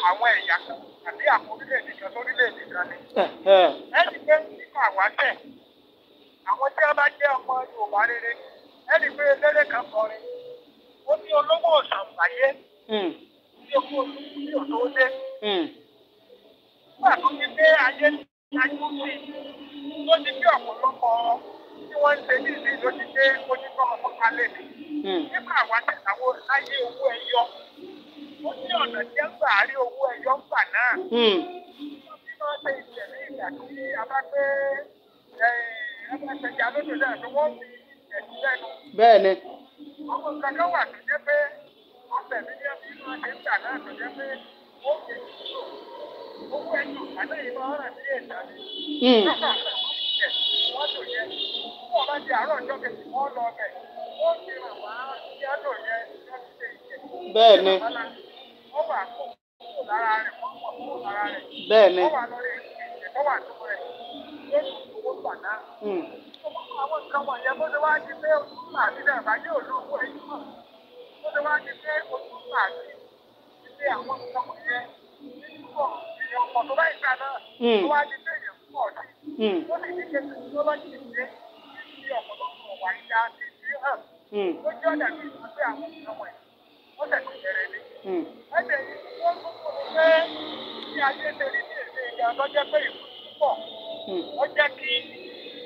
àwọn ẹ̀yà kan àbí àwọn orílẹ̀-èdè kan sórílẹ̀-èdè kan ni. ẹnì pé nínú àwátẹ̀ àwọn tí wọ́n bá jẹ́ ọmọ Yorùbá rere ẹnì pé eléré kan kọrin ó ní olówó ṣàǹfàyé hmm. ní oko ní ọ̀dọ́ dé. Hmm. nígbà tó ti dé ayé ayú sí i tó ti dé ọ̀pọ̀lọpọ̀ tí wọ́n ń ṣe ní ìlú ló ti dé ojúkọ́ ọmọ kalẹ̀ ni. Hmm. nígbà wà ní àwọn ayé owó ẹyọ ó ní ọ̀nà tí ń gbà rí owó ẹyọ ń gbà náà. wọ́n fi máa ń ṣe ìṣẹ̀lẹ̀ ìgbà tí a bá gbé ẹ̀ẹ́dẹ́gbẹ̀ta eh, lóṣù náà tí wọ́n fi ẹ̀sùn lẹ́nu. bẹ́ẹ̀ ni ọmọ nǹkan wà tó jẹ́ pé ọ̀sẹ̀ mi ní ọdún inú ọdún ìgbà náà tó jẹ́ pé ó ṣe ìṣòro owó ẹ̀jù àná yìí máa rà sí hmm. ẹ̀dá mi. bẹ́ẹ̀ ni bẹ́ẹ̀ ni àwọn nǹkan wọ̀nyẹn bó ṣe wáá di pé oṣù àti ìdàgbà yóò lò owó ẹ̀yìn mọ̀ bó ṣe wáá di pé oṣù àti ilé àwọn nǹkan wọ̀nyẹn nígbà èèyàn pọ̀ tó bá ìgbà náà tó wáá di pé èèyàn pọ̀ sí ó sì ní kékeré tó bá ti dé sí ọ̀pọ̀lọpọ̀ wà ìdá sí sí hàn ó jẹ́ ọ̀dà bíi ìgbàgbé àwọn nǹkan wọ̀nyẹn ó tẹ̀sí bẹ̀rẹ̀ ni ẹ̀jẹ̀ yìí wọ́n tún kọ́ pé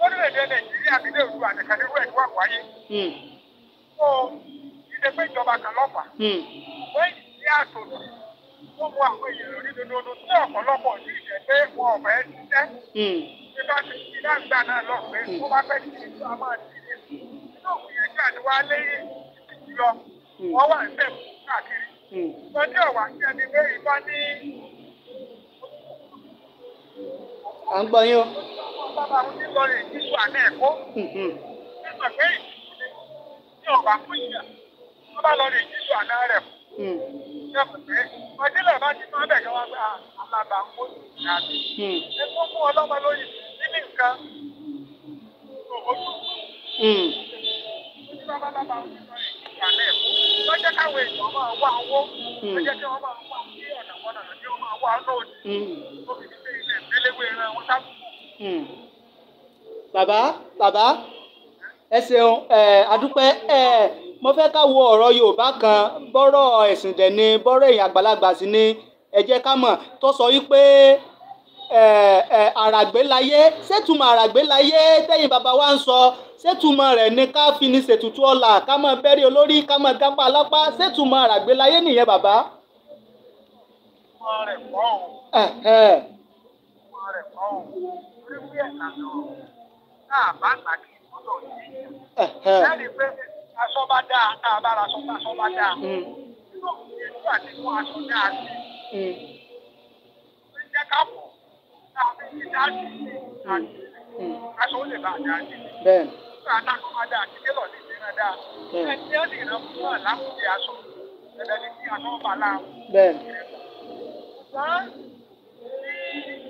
lórílẹ̀-èdè nàìjíríà mi lè ru àdìkan nírú ẹ̀ tó wà wáyé. Hmm. so ìdè pé ìjọba kan lọ́fà. wọ́n hmm. yìí àtòlù tó mú àwọn èèyàn lórí dodo tí ọ̀pọ̀lọpọ̀ ní ìjẹ́ pé wọn ò fẹ́ ṣiṣẹ́. Hmm. bí bá ti ṣe gbà náà lọ pé tó bá fẹ́ ṣe ètò a máa ṣe é. inú òkú yẹn gbà ni wá lé ìlú lọ. wọ́n wà ń bẹ̀ fún káàkiri. wọ́n ní ọ̀wà ń jẹ́ ni pé ìbá à ń gbọ́ yín o. bàbá ewé ìran àwọn sábùkù. bàbá bàbá ẹ ṣeun ẹ adúpẹ́ ẹ mo fẹ́ ká wo ọ̀rọ̀ Yorùbá kan bọ́rọ̀ ẹ̀sìn dẹ̀ ni bọ́rọ̀ èèyàn àgbàlagbà sí ni ẹ jẹ́ ká mọ̀ tó sọ yí pé àràgbélayé ṣètùmọ̀ àràgbélayé tẹ́yìn bàbá wa ń sọ ṣètùmọ̀ rẹ̀ ni ká fi ní ṣètùtù ọ̀la ká máa bẹ́rí olórí ká máa gápá alápá ṣètùmọ̀ àràgbélayé nìyẹn bàbá. ọmọ rẹ̀ pọ̀ o sọ ọ orí ẹ̀ka lọ tá a bá gbà kí ìfọ́tọ̀ yìí lẹ́ni pé aṣọ bá dáa tá a bá ra aṣọ bá aṣọ bá dáa hmm. nígbà tí ètò àti mú aṣọ dáa sí i hmm. ó jẹ́ ká pọ̀ tá a fi ṣe dáa sí i àti hmm. aṣọ ó lè bá a dáa sí i nígbà tá a kọ́ dáa sí i lọ́ọ̀ ní dáa ẹni tí ó fún wa láwùjẹ aṣọ ẹ̀dẹ̀ ni kí aṣọ bá láwùjẹ. Bẹ́ẹ̀ni. Ṣé ní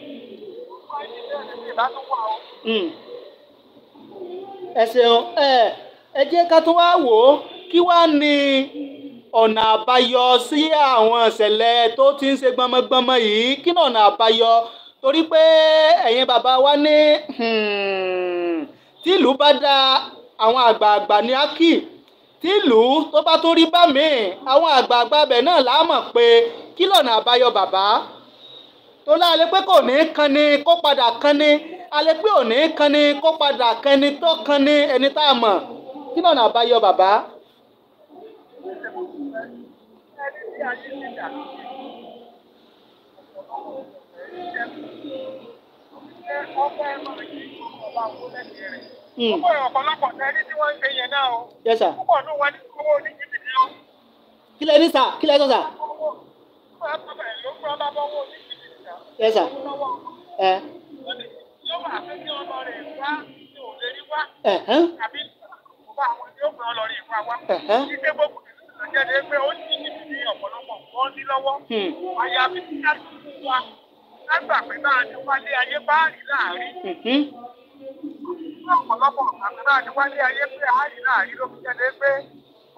Hmm. ẹ ṣeun ẹ ẹ jẹ́ ká tún wá wò ó kí wá ní ọ̀nà àbáyọ sí àwọn ìṣẹ̀lẹ̀ tó ti ń ṣe gbọmọgbọmọ yìí kí ni ọ̀nà àbáyọ torí pé ẹ̀yin bàbá wa ní hmm, tìlú bá dá àwọn àgbààgbà ní ákì tìlú tó bá tó rí bá mi àwọn àgbààgbà bẹ̀ náà láàmọ̀ pé kí lọ̀nà àbáyọ bàbá tọ́lá alẹ́ pé kò ní kan ni kó padà kan ni alẹ́ pé ò ní kan ni kó padà kan ni tó kan ni ẹni tá a mọ̀ kí lọ́nà àbáyọ bàbá. Ọ̀pọ̀ ọ̀pọ̀lọpọ̀ tẹ́lí tí wọ́n ń ṣe yẹn náà o. Púpọ̀ ní wọn ní owó oníjìbìtì o. Kílẹ̀ ní sà, kílẹ̀ sọ́sà. Owó ọ̀pọ̀ ẹ̀ ló gbọ́ lábọ́wọ́ oníjìbìtì yes sir. ẹ. Eh? Eh? yóò máa fẹ́ kí ọmọ rẹ̀ wá tí ò rí wá. àbí bàbá àwọn yóò gbọ́n lọ rí ìwà wá. kí gbogbo ìṣèjọba jẹ́ pé ó ní ìdí ní ọ̀pọ̀lọpọ̀ wọ́n ní lọ́wọ́. Hmm. àyàfi kí á tún fún wa lágbà pé bá a ti wálé ayé bá a rí láàárín. ọ̀pọ̀lọpọ̀ àmì náà ni wálé ayé pé a rí láàárín ló fi jẹ́ pé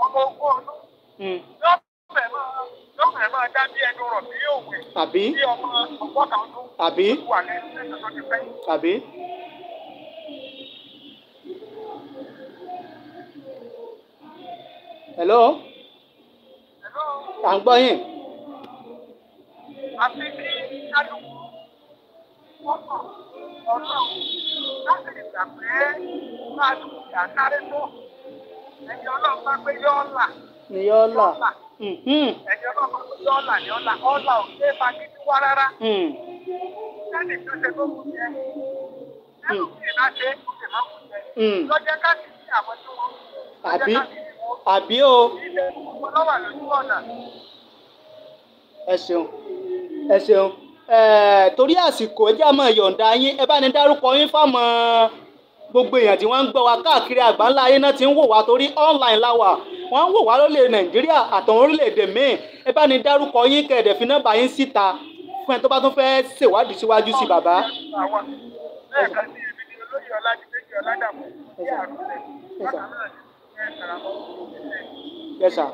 ọmọ ogún ọdún. Hmm. yóò bẹ̀rẹ̀ lọ́kàn ẹ̀ máa dá bí ẹnu rọ̀ bí òwe. àbí bí ọmọ ọgọ́ta ọdún. àbí wà ní ẹ̀sìn tó ti pẹ́. hello. hello. à ń gbọ́ yín. àfi kí kálukú wọ́pọ̀ ọ̀nà láti ìgbà pé kálukú yà sáré tó ẹ̀yìn ọlọ́pàá pé yọ́ ọ̀la. ni yọ́ ọ̀la. Hmm. ẹ̀jẹ̀ náà máa ń lọ ọ̀là ní ọ̀là ọ̀là ò ṣe é fa títí wá rárá. sẹ́ni hmm. tó ṣe tó hmm. kù jẹ́ ẹ̀rù kì ṣe é kù má àbí o. ẹ ṣeun ẹ ṣeun torí àsìkò ẹ ìyọ̀ǹda yín ẹ bá ní dárúkọ yín gbogbo èèyàn tí káàkiri àgbáńlá náà ti wá torí online la wọ́n ń wò wá lólè nàìjíríà àtàwọn orílẹ̀-èdè míì ẹ bá ní dárúkọ yín kẹ̀dẹ̀ fi nọ́mbà yín síta fún ẹ tó bá tún fẹ́ ṣèwádìí síwájú sí bàbá. Yes, sir.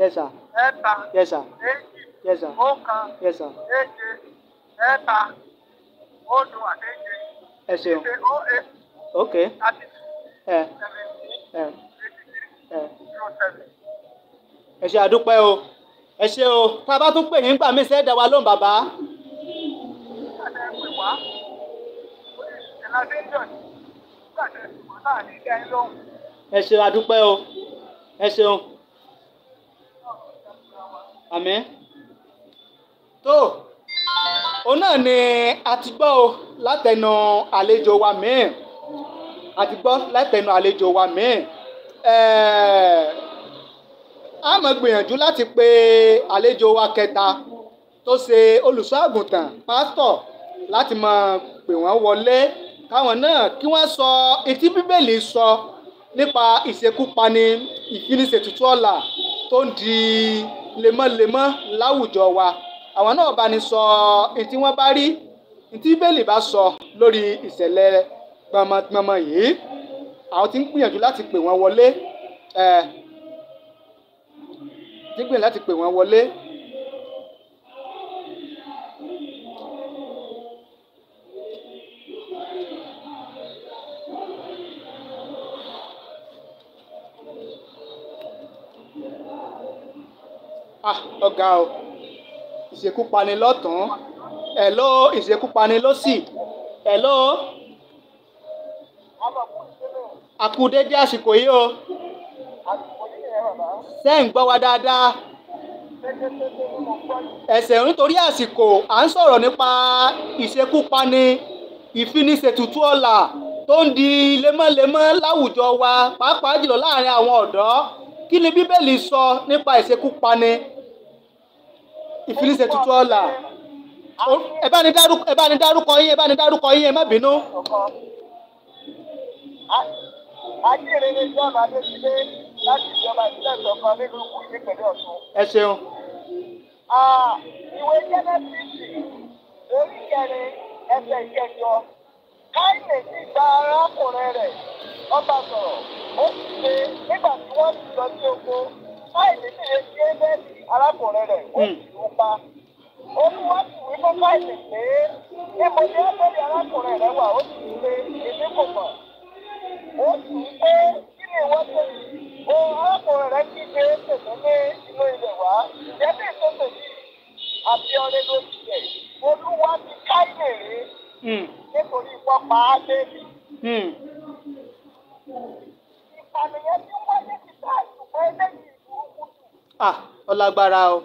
Yes, sir. Yes, sir ẹ ṣeun ok ẹ ẹ ẹ ṣe àdúpẹ́ o ẹ ṣe o tá a bá tún pè yín gbà mí sẹ́ẹ̀dá wa lóhùn bàbá. ẹ ṣe àdúpẹ́ o ẹ ṣeun àmín tó òun náà ni a ti gbọ́ o látẹnu àlejò wa míì a ti gbọ́ látẹnu àlejò wa míì a máa gbìyànjú láti pe àlejò wa kẹta tó ṣe olùṣọ́ àgùntàn pásítọ̀ láti máa pè wọ́n wọlé káwọn náà kí wọ́n sọ etí bíbélì sọ nípa ìṣekúpani ìfiniṣètùtù ọ̀la tó ń di lemọ́lemọ́ láwùjọ wa àwọn náà bá ní sọ etí wọ́n bá rí etí bẹ́ẹ̀lì bá sọ lórí ìṣẹ̀lẹ̀ gbọmọgbọmọ yìí àwọn tí ń gbìyànjú láti pè wọ́n wọlé ẹ̀ tí ń gbìyànjú láti pè wọ́n wọlé. ah ọ̀gá o ìṣekúpani lọ́tún ẹ̀ló ìṣekúpani lọ́sì ẹ̀ló àkúdédé àsìkò yìí o ṣẹ́ ń gbọ́ wa dáadáa ẹ̀sẹ̀ nítorí àsìkò à ń sọ̀rọ̀ nípa ìṣekúpani ìfiniṣètùtù ọ̀la tó ń di lemọ́lemọ́ láwùjọ wa pàápàá jùlọ láàrin àwọn ọ̀dọ́ kí ni bíbélì sọ nípa ìṣekúpani ìfilisẹ̀ tuntun ọ̀la ẹ bá ní dárúkọ ẹ bá ní dárúkọ yín ẹ bá ní dárúkọ yín ẹ má bínú. ajínrere ni ìjọba adéṣílé láti ìjọba ìpínlẹ̀ ìjọba nílùú kù nípínlẹ̀ ọ̀ṣun. ẹ ṣeun. ìwé jẹ́nẹ́sìsì lórí kẹrin ẹsẹ̀ ìkẹjọ káyìnì ti gba arákùnrin rẹ̀ ọba sọ̀rọ̀ ó sì ṣe nígbà tí wọ́n ti lọ sí oko fáìlì sì lè ṣe bẹ́ẹ̀ni arákùnrin rẹ̀ ó hmm. sì ń pa ó ní wọ́n sì wí fún fáìlì pé níbo ni ẹ́bẹ̀rẹ̀ arákùnrin rẹ̀ wà ó sì ń pé èmi kò mọ̀ ó sì ń pé kí ni ìwọ́n ṣe o arákùnrin rẹ̀ kí gbé tèmi ní inú ilẹ̀ wá ìjẹ́bí ìtòsè yìí àti ọ̀rẹ́ ló ti yẹ olúwa ti ká ìrèrè hmm. nítorí wọ́n pa á lébi hmm. ìpànìyàn tí wọ́n ní ti ta ìṣùgbọ́n eléyìí ọlágbára o.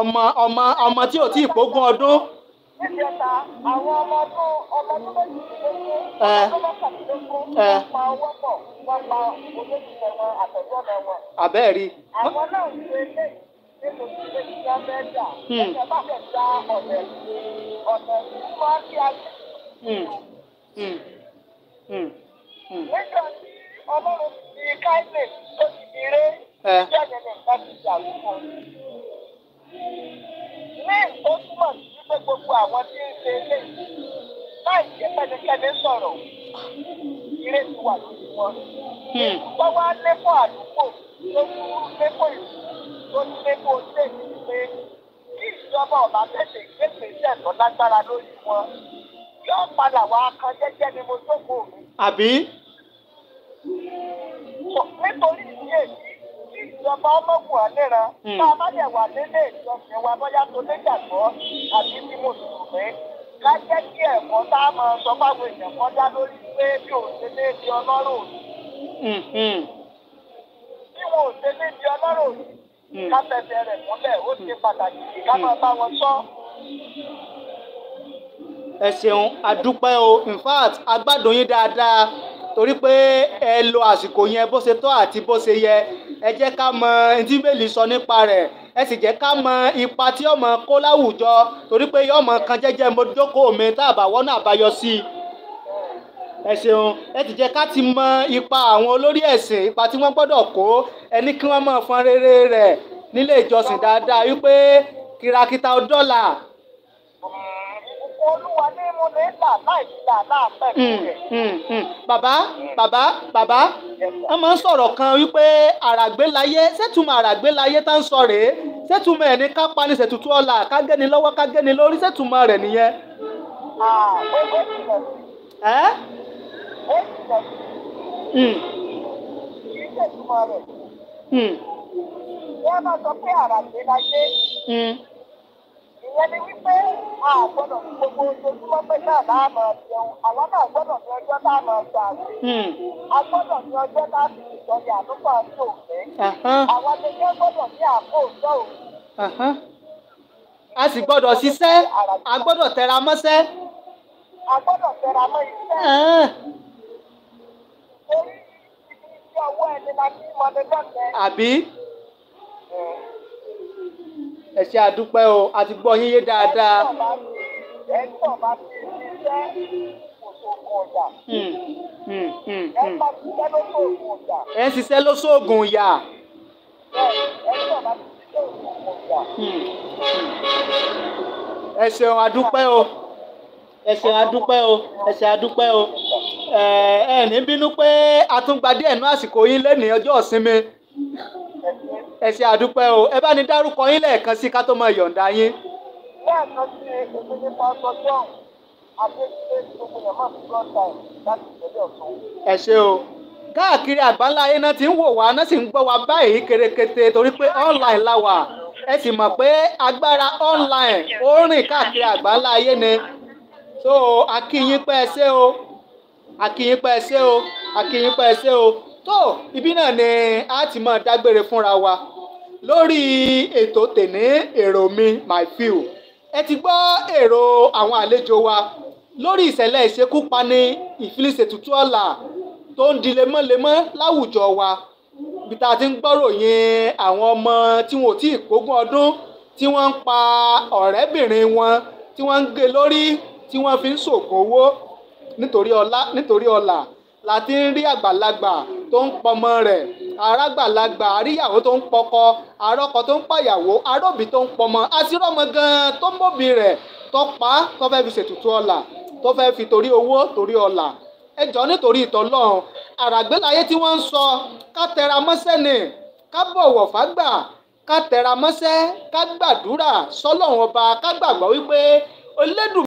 ọmọ ọmọ ọmọ tí ò tí ì pógún ọdún. níjẹta àwọn ọmọ náà ń ṣe ilé nínú ilé ìjọba bẹ́ẹ̀ dà bá fẹ́ da ọ̀nà ọ̀nà ìfúnmọ́ kí a ní. níjọ tí ọlọ́run di káìsìn tó àbí nítorí ìdíyè tí ìjọba ọlọ́kùn àlera hmm. bá a bá dẹ̀ wà nílé ìjọsìn wa bóyá tó lé gbàgbọ́ àti tí mo sì rò pé ká jẹ́ kí ẹ̀kọ́ tá a máa sọ fáwọn èèyàn kan lórí pé bí òun ṣe lé di ọlọ́rọ̀ òní. Hmm, hmm. bí wọn ò ṣe lé di ọlọ́rọ̀ òní ká fẹsẹ̀ rẹ̀ múlẹ̀ ó ṣe pàtàkì ká máa bá wọn sọ ẹ ṣeun adúpẹ́ o in fact agbádùn yín dáadáa torí pé ẹ lo àsìkò yẹn bó ṣe tọ́ àti bó ṣe yẹ ẹ jẹ́ ká mọ tí bẹ́ẹ̀lì sọ nípa rẹ̀ ẹ sì jẹ́ ká mọ ipa tí ọmọ kó láwùjọ torí pé yọmọ kan jẹ́jẹ́ mo jókòó mi tá àbàwọ́nà àbáyọ sí i ẹ ṣeun ẹ ti jẹ́ ká ti mọ ipa àwọn olórí ẹ̀sìn ipa tí wọ́n gbọ́dọ̀ kó ẹni kí wọ́n mọ̀ fọn rere rẹ̀ nílé ìjọsìn dáadáa wípé kìràkìtà ọdọ́là olúwa ní mo lè là láì là náà pẹ̀lú hmm, rẹ̀. Hmm, hmm. bàbá bàbá bàbá wọ́n máa ń sọ̀rọ̀ kan wípé àràgbélayé sẹ́tùmọ̀ àràgbélayé tá ń sọ rèé sẹ́tùmọ̀ ẹ̀ ní ká pani ṣètùtù ọ̀la ká gẹ́ni lọ́wọ́ ká lórí sẹ́tùmọ̀ rẹ̀ nìyẹn. ẹ́ wọ́n máa sọ pé àràgbélayé ìyẹn ni wípé a gbọ́dọ̀ fi gbogbo ojoojúmọ́ pé náà náà máa jẹun àwọn náà gbọ́dọ̀ ní ọjọ́ náà máa gbà sí hmm. a gbọ́dọ̀ ní ọjọ́ náà fi ìtọ́jú àdúgbò àti òfé àwọn akẹkẹ gbọ́dọ̀ ní àpò òjò òfé. a sì gbọ́dọ̀ ṣiṣẹ́ a gbọ́dọ̀ tẹra mọ́ṣẹ́. a gbọ́dọ̀ tẹra mọ́ iṣẹ́. torí ibi tí ọwọ́ ẹni la fi mọ ní lọ́sẹ̀. àbí ẹ ṣe àdúpẹ́ o a ti gbọ́ yín yé dáadáa. ẹ ń tọ̀ bá ti jẹ́ òṣogùn ọ̀dà. ẹ ń ìyá. Hmm, hmm. ẹ ṣeun àdúpẹ́ o ẹ ṣe àdúpẹ́ o ẹ ṣe àdúpẹ́ o ẹ ní bínú pé a tún gba díẹ̀ nú àsìkò yín lẹ́nìí ọjọ́ ìsinmi ẹ ṣé àdúpẹ́ o ẹ bá ní dárúkọ yín lẹ́ẹ̀kan sí ká tó mọ ìyọ̀ǹda yín. lẹ́ẹ̀kan sí èmi ní pásọ john adéṣe gbogbo yẹn mọ̀ sí lọ́ọ̀tàì láti ìpínlẹ̀ ọ̀sán. ẹ ṣé o káàkiri àgbáńlá ayé náà ti ń wò wá náà sì ń gbọ́ wa báyìí kerekete torí pé online la wà ẹ sì mọ̀ pé agbára online ó rìn káàkiri àgbáńlá ayé ni so akínyín pẹ́ ẹ ṣé o akínyín pẹ́ ẹ ṣé o akínyín ẹ ṣé o tó ibi náà ni a ti máa dágbére fúnra wa lórí ètò tèní èrò mi my view ẹ ti gbọ́ èrò àwọn àlejò wa lórí ìṣẹ̀lẹ̀ ìṣekúpani ìfilisètùtù ọ̀la tó ń di lemọ́lemọ́ láwùjọ wa bí ta ti ń gbọ́ròyìn àwọn ọmọ tí wọn ò tí ì kógún ọdún tí wọ́n ń pa ọ̀rẹ́bìnrin wọn tí wọ́n ń gé lórí tí wọ́n fi ń ṣògùn owó nítorí ọlá la ti ń rí àgbàlagbà tó ń pọmọ rẹ̀ arágbàlagbà àríyàwó tó ń pọkọ arọ́kọ tó ń pàyàwó arọ́bì tó ń pọmọ àtirọ́mọ gan-an tó ń bòbí rẹ̀ tọ́pa tó fẹ́ fi ṣètùtù ọ̀la tó fẹ́ fi torí owó torí ọ̀la ẹjọ́ nítorí ìtọ́lọ́run àràgbélayé tí wọ́n ń sọ ká tẹra mọ́sẹ́ ni ká bọ̀wọ̀ fágbà ká tẹra mọ́sẹ́ ká gbàdúrà sọ́lọ́run ọba ká gbàgbọ́ wípé Olódùmarè.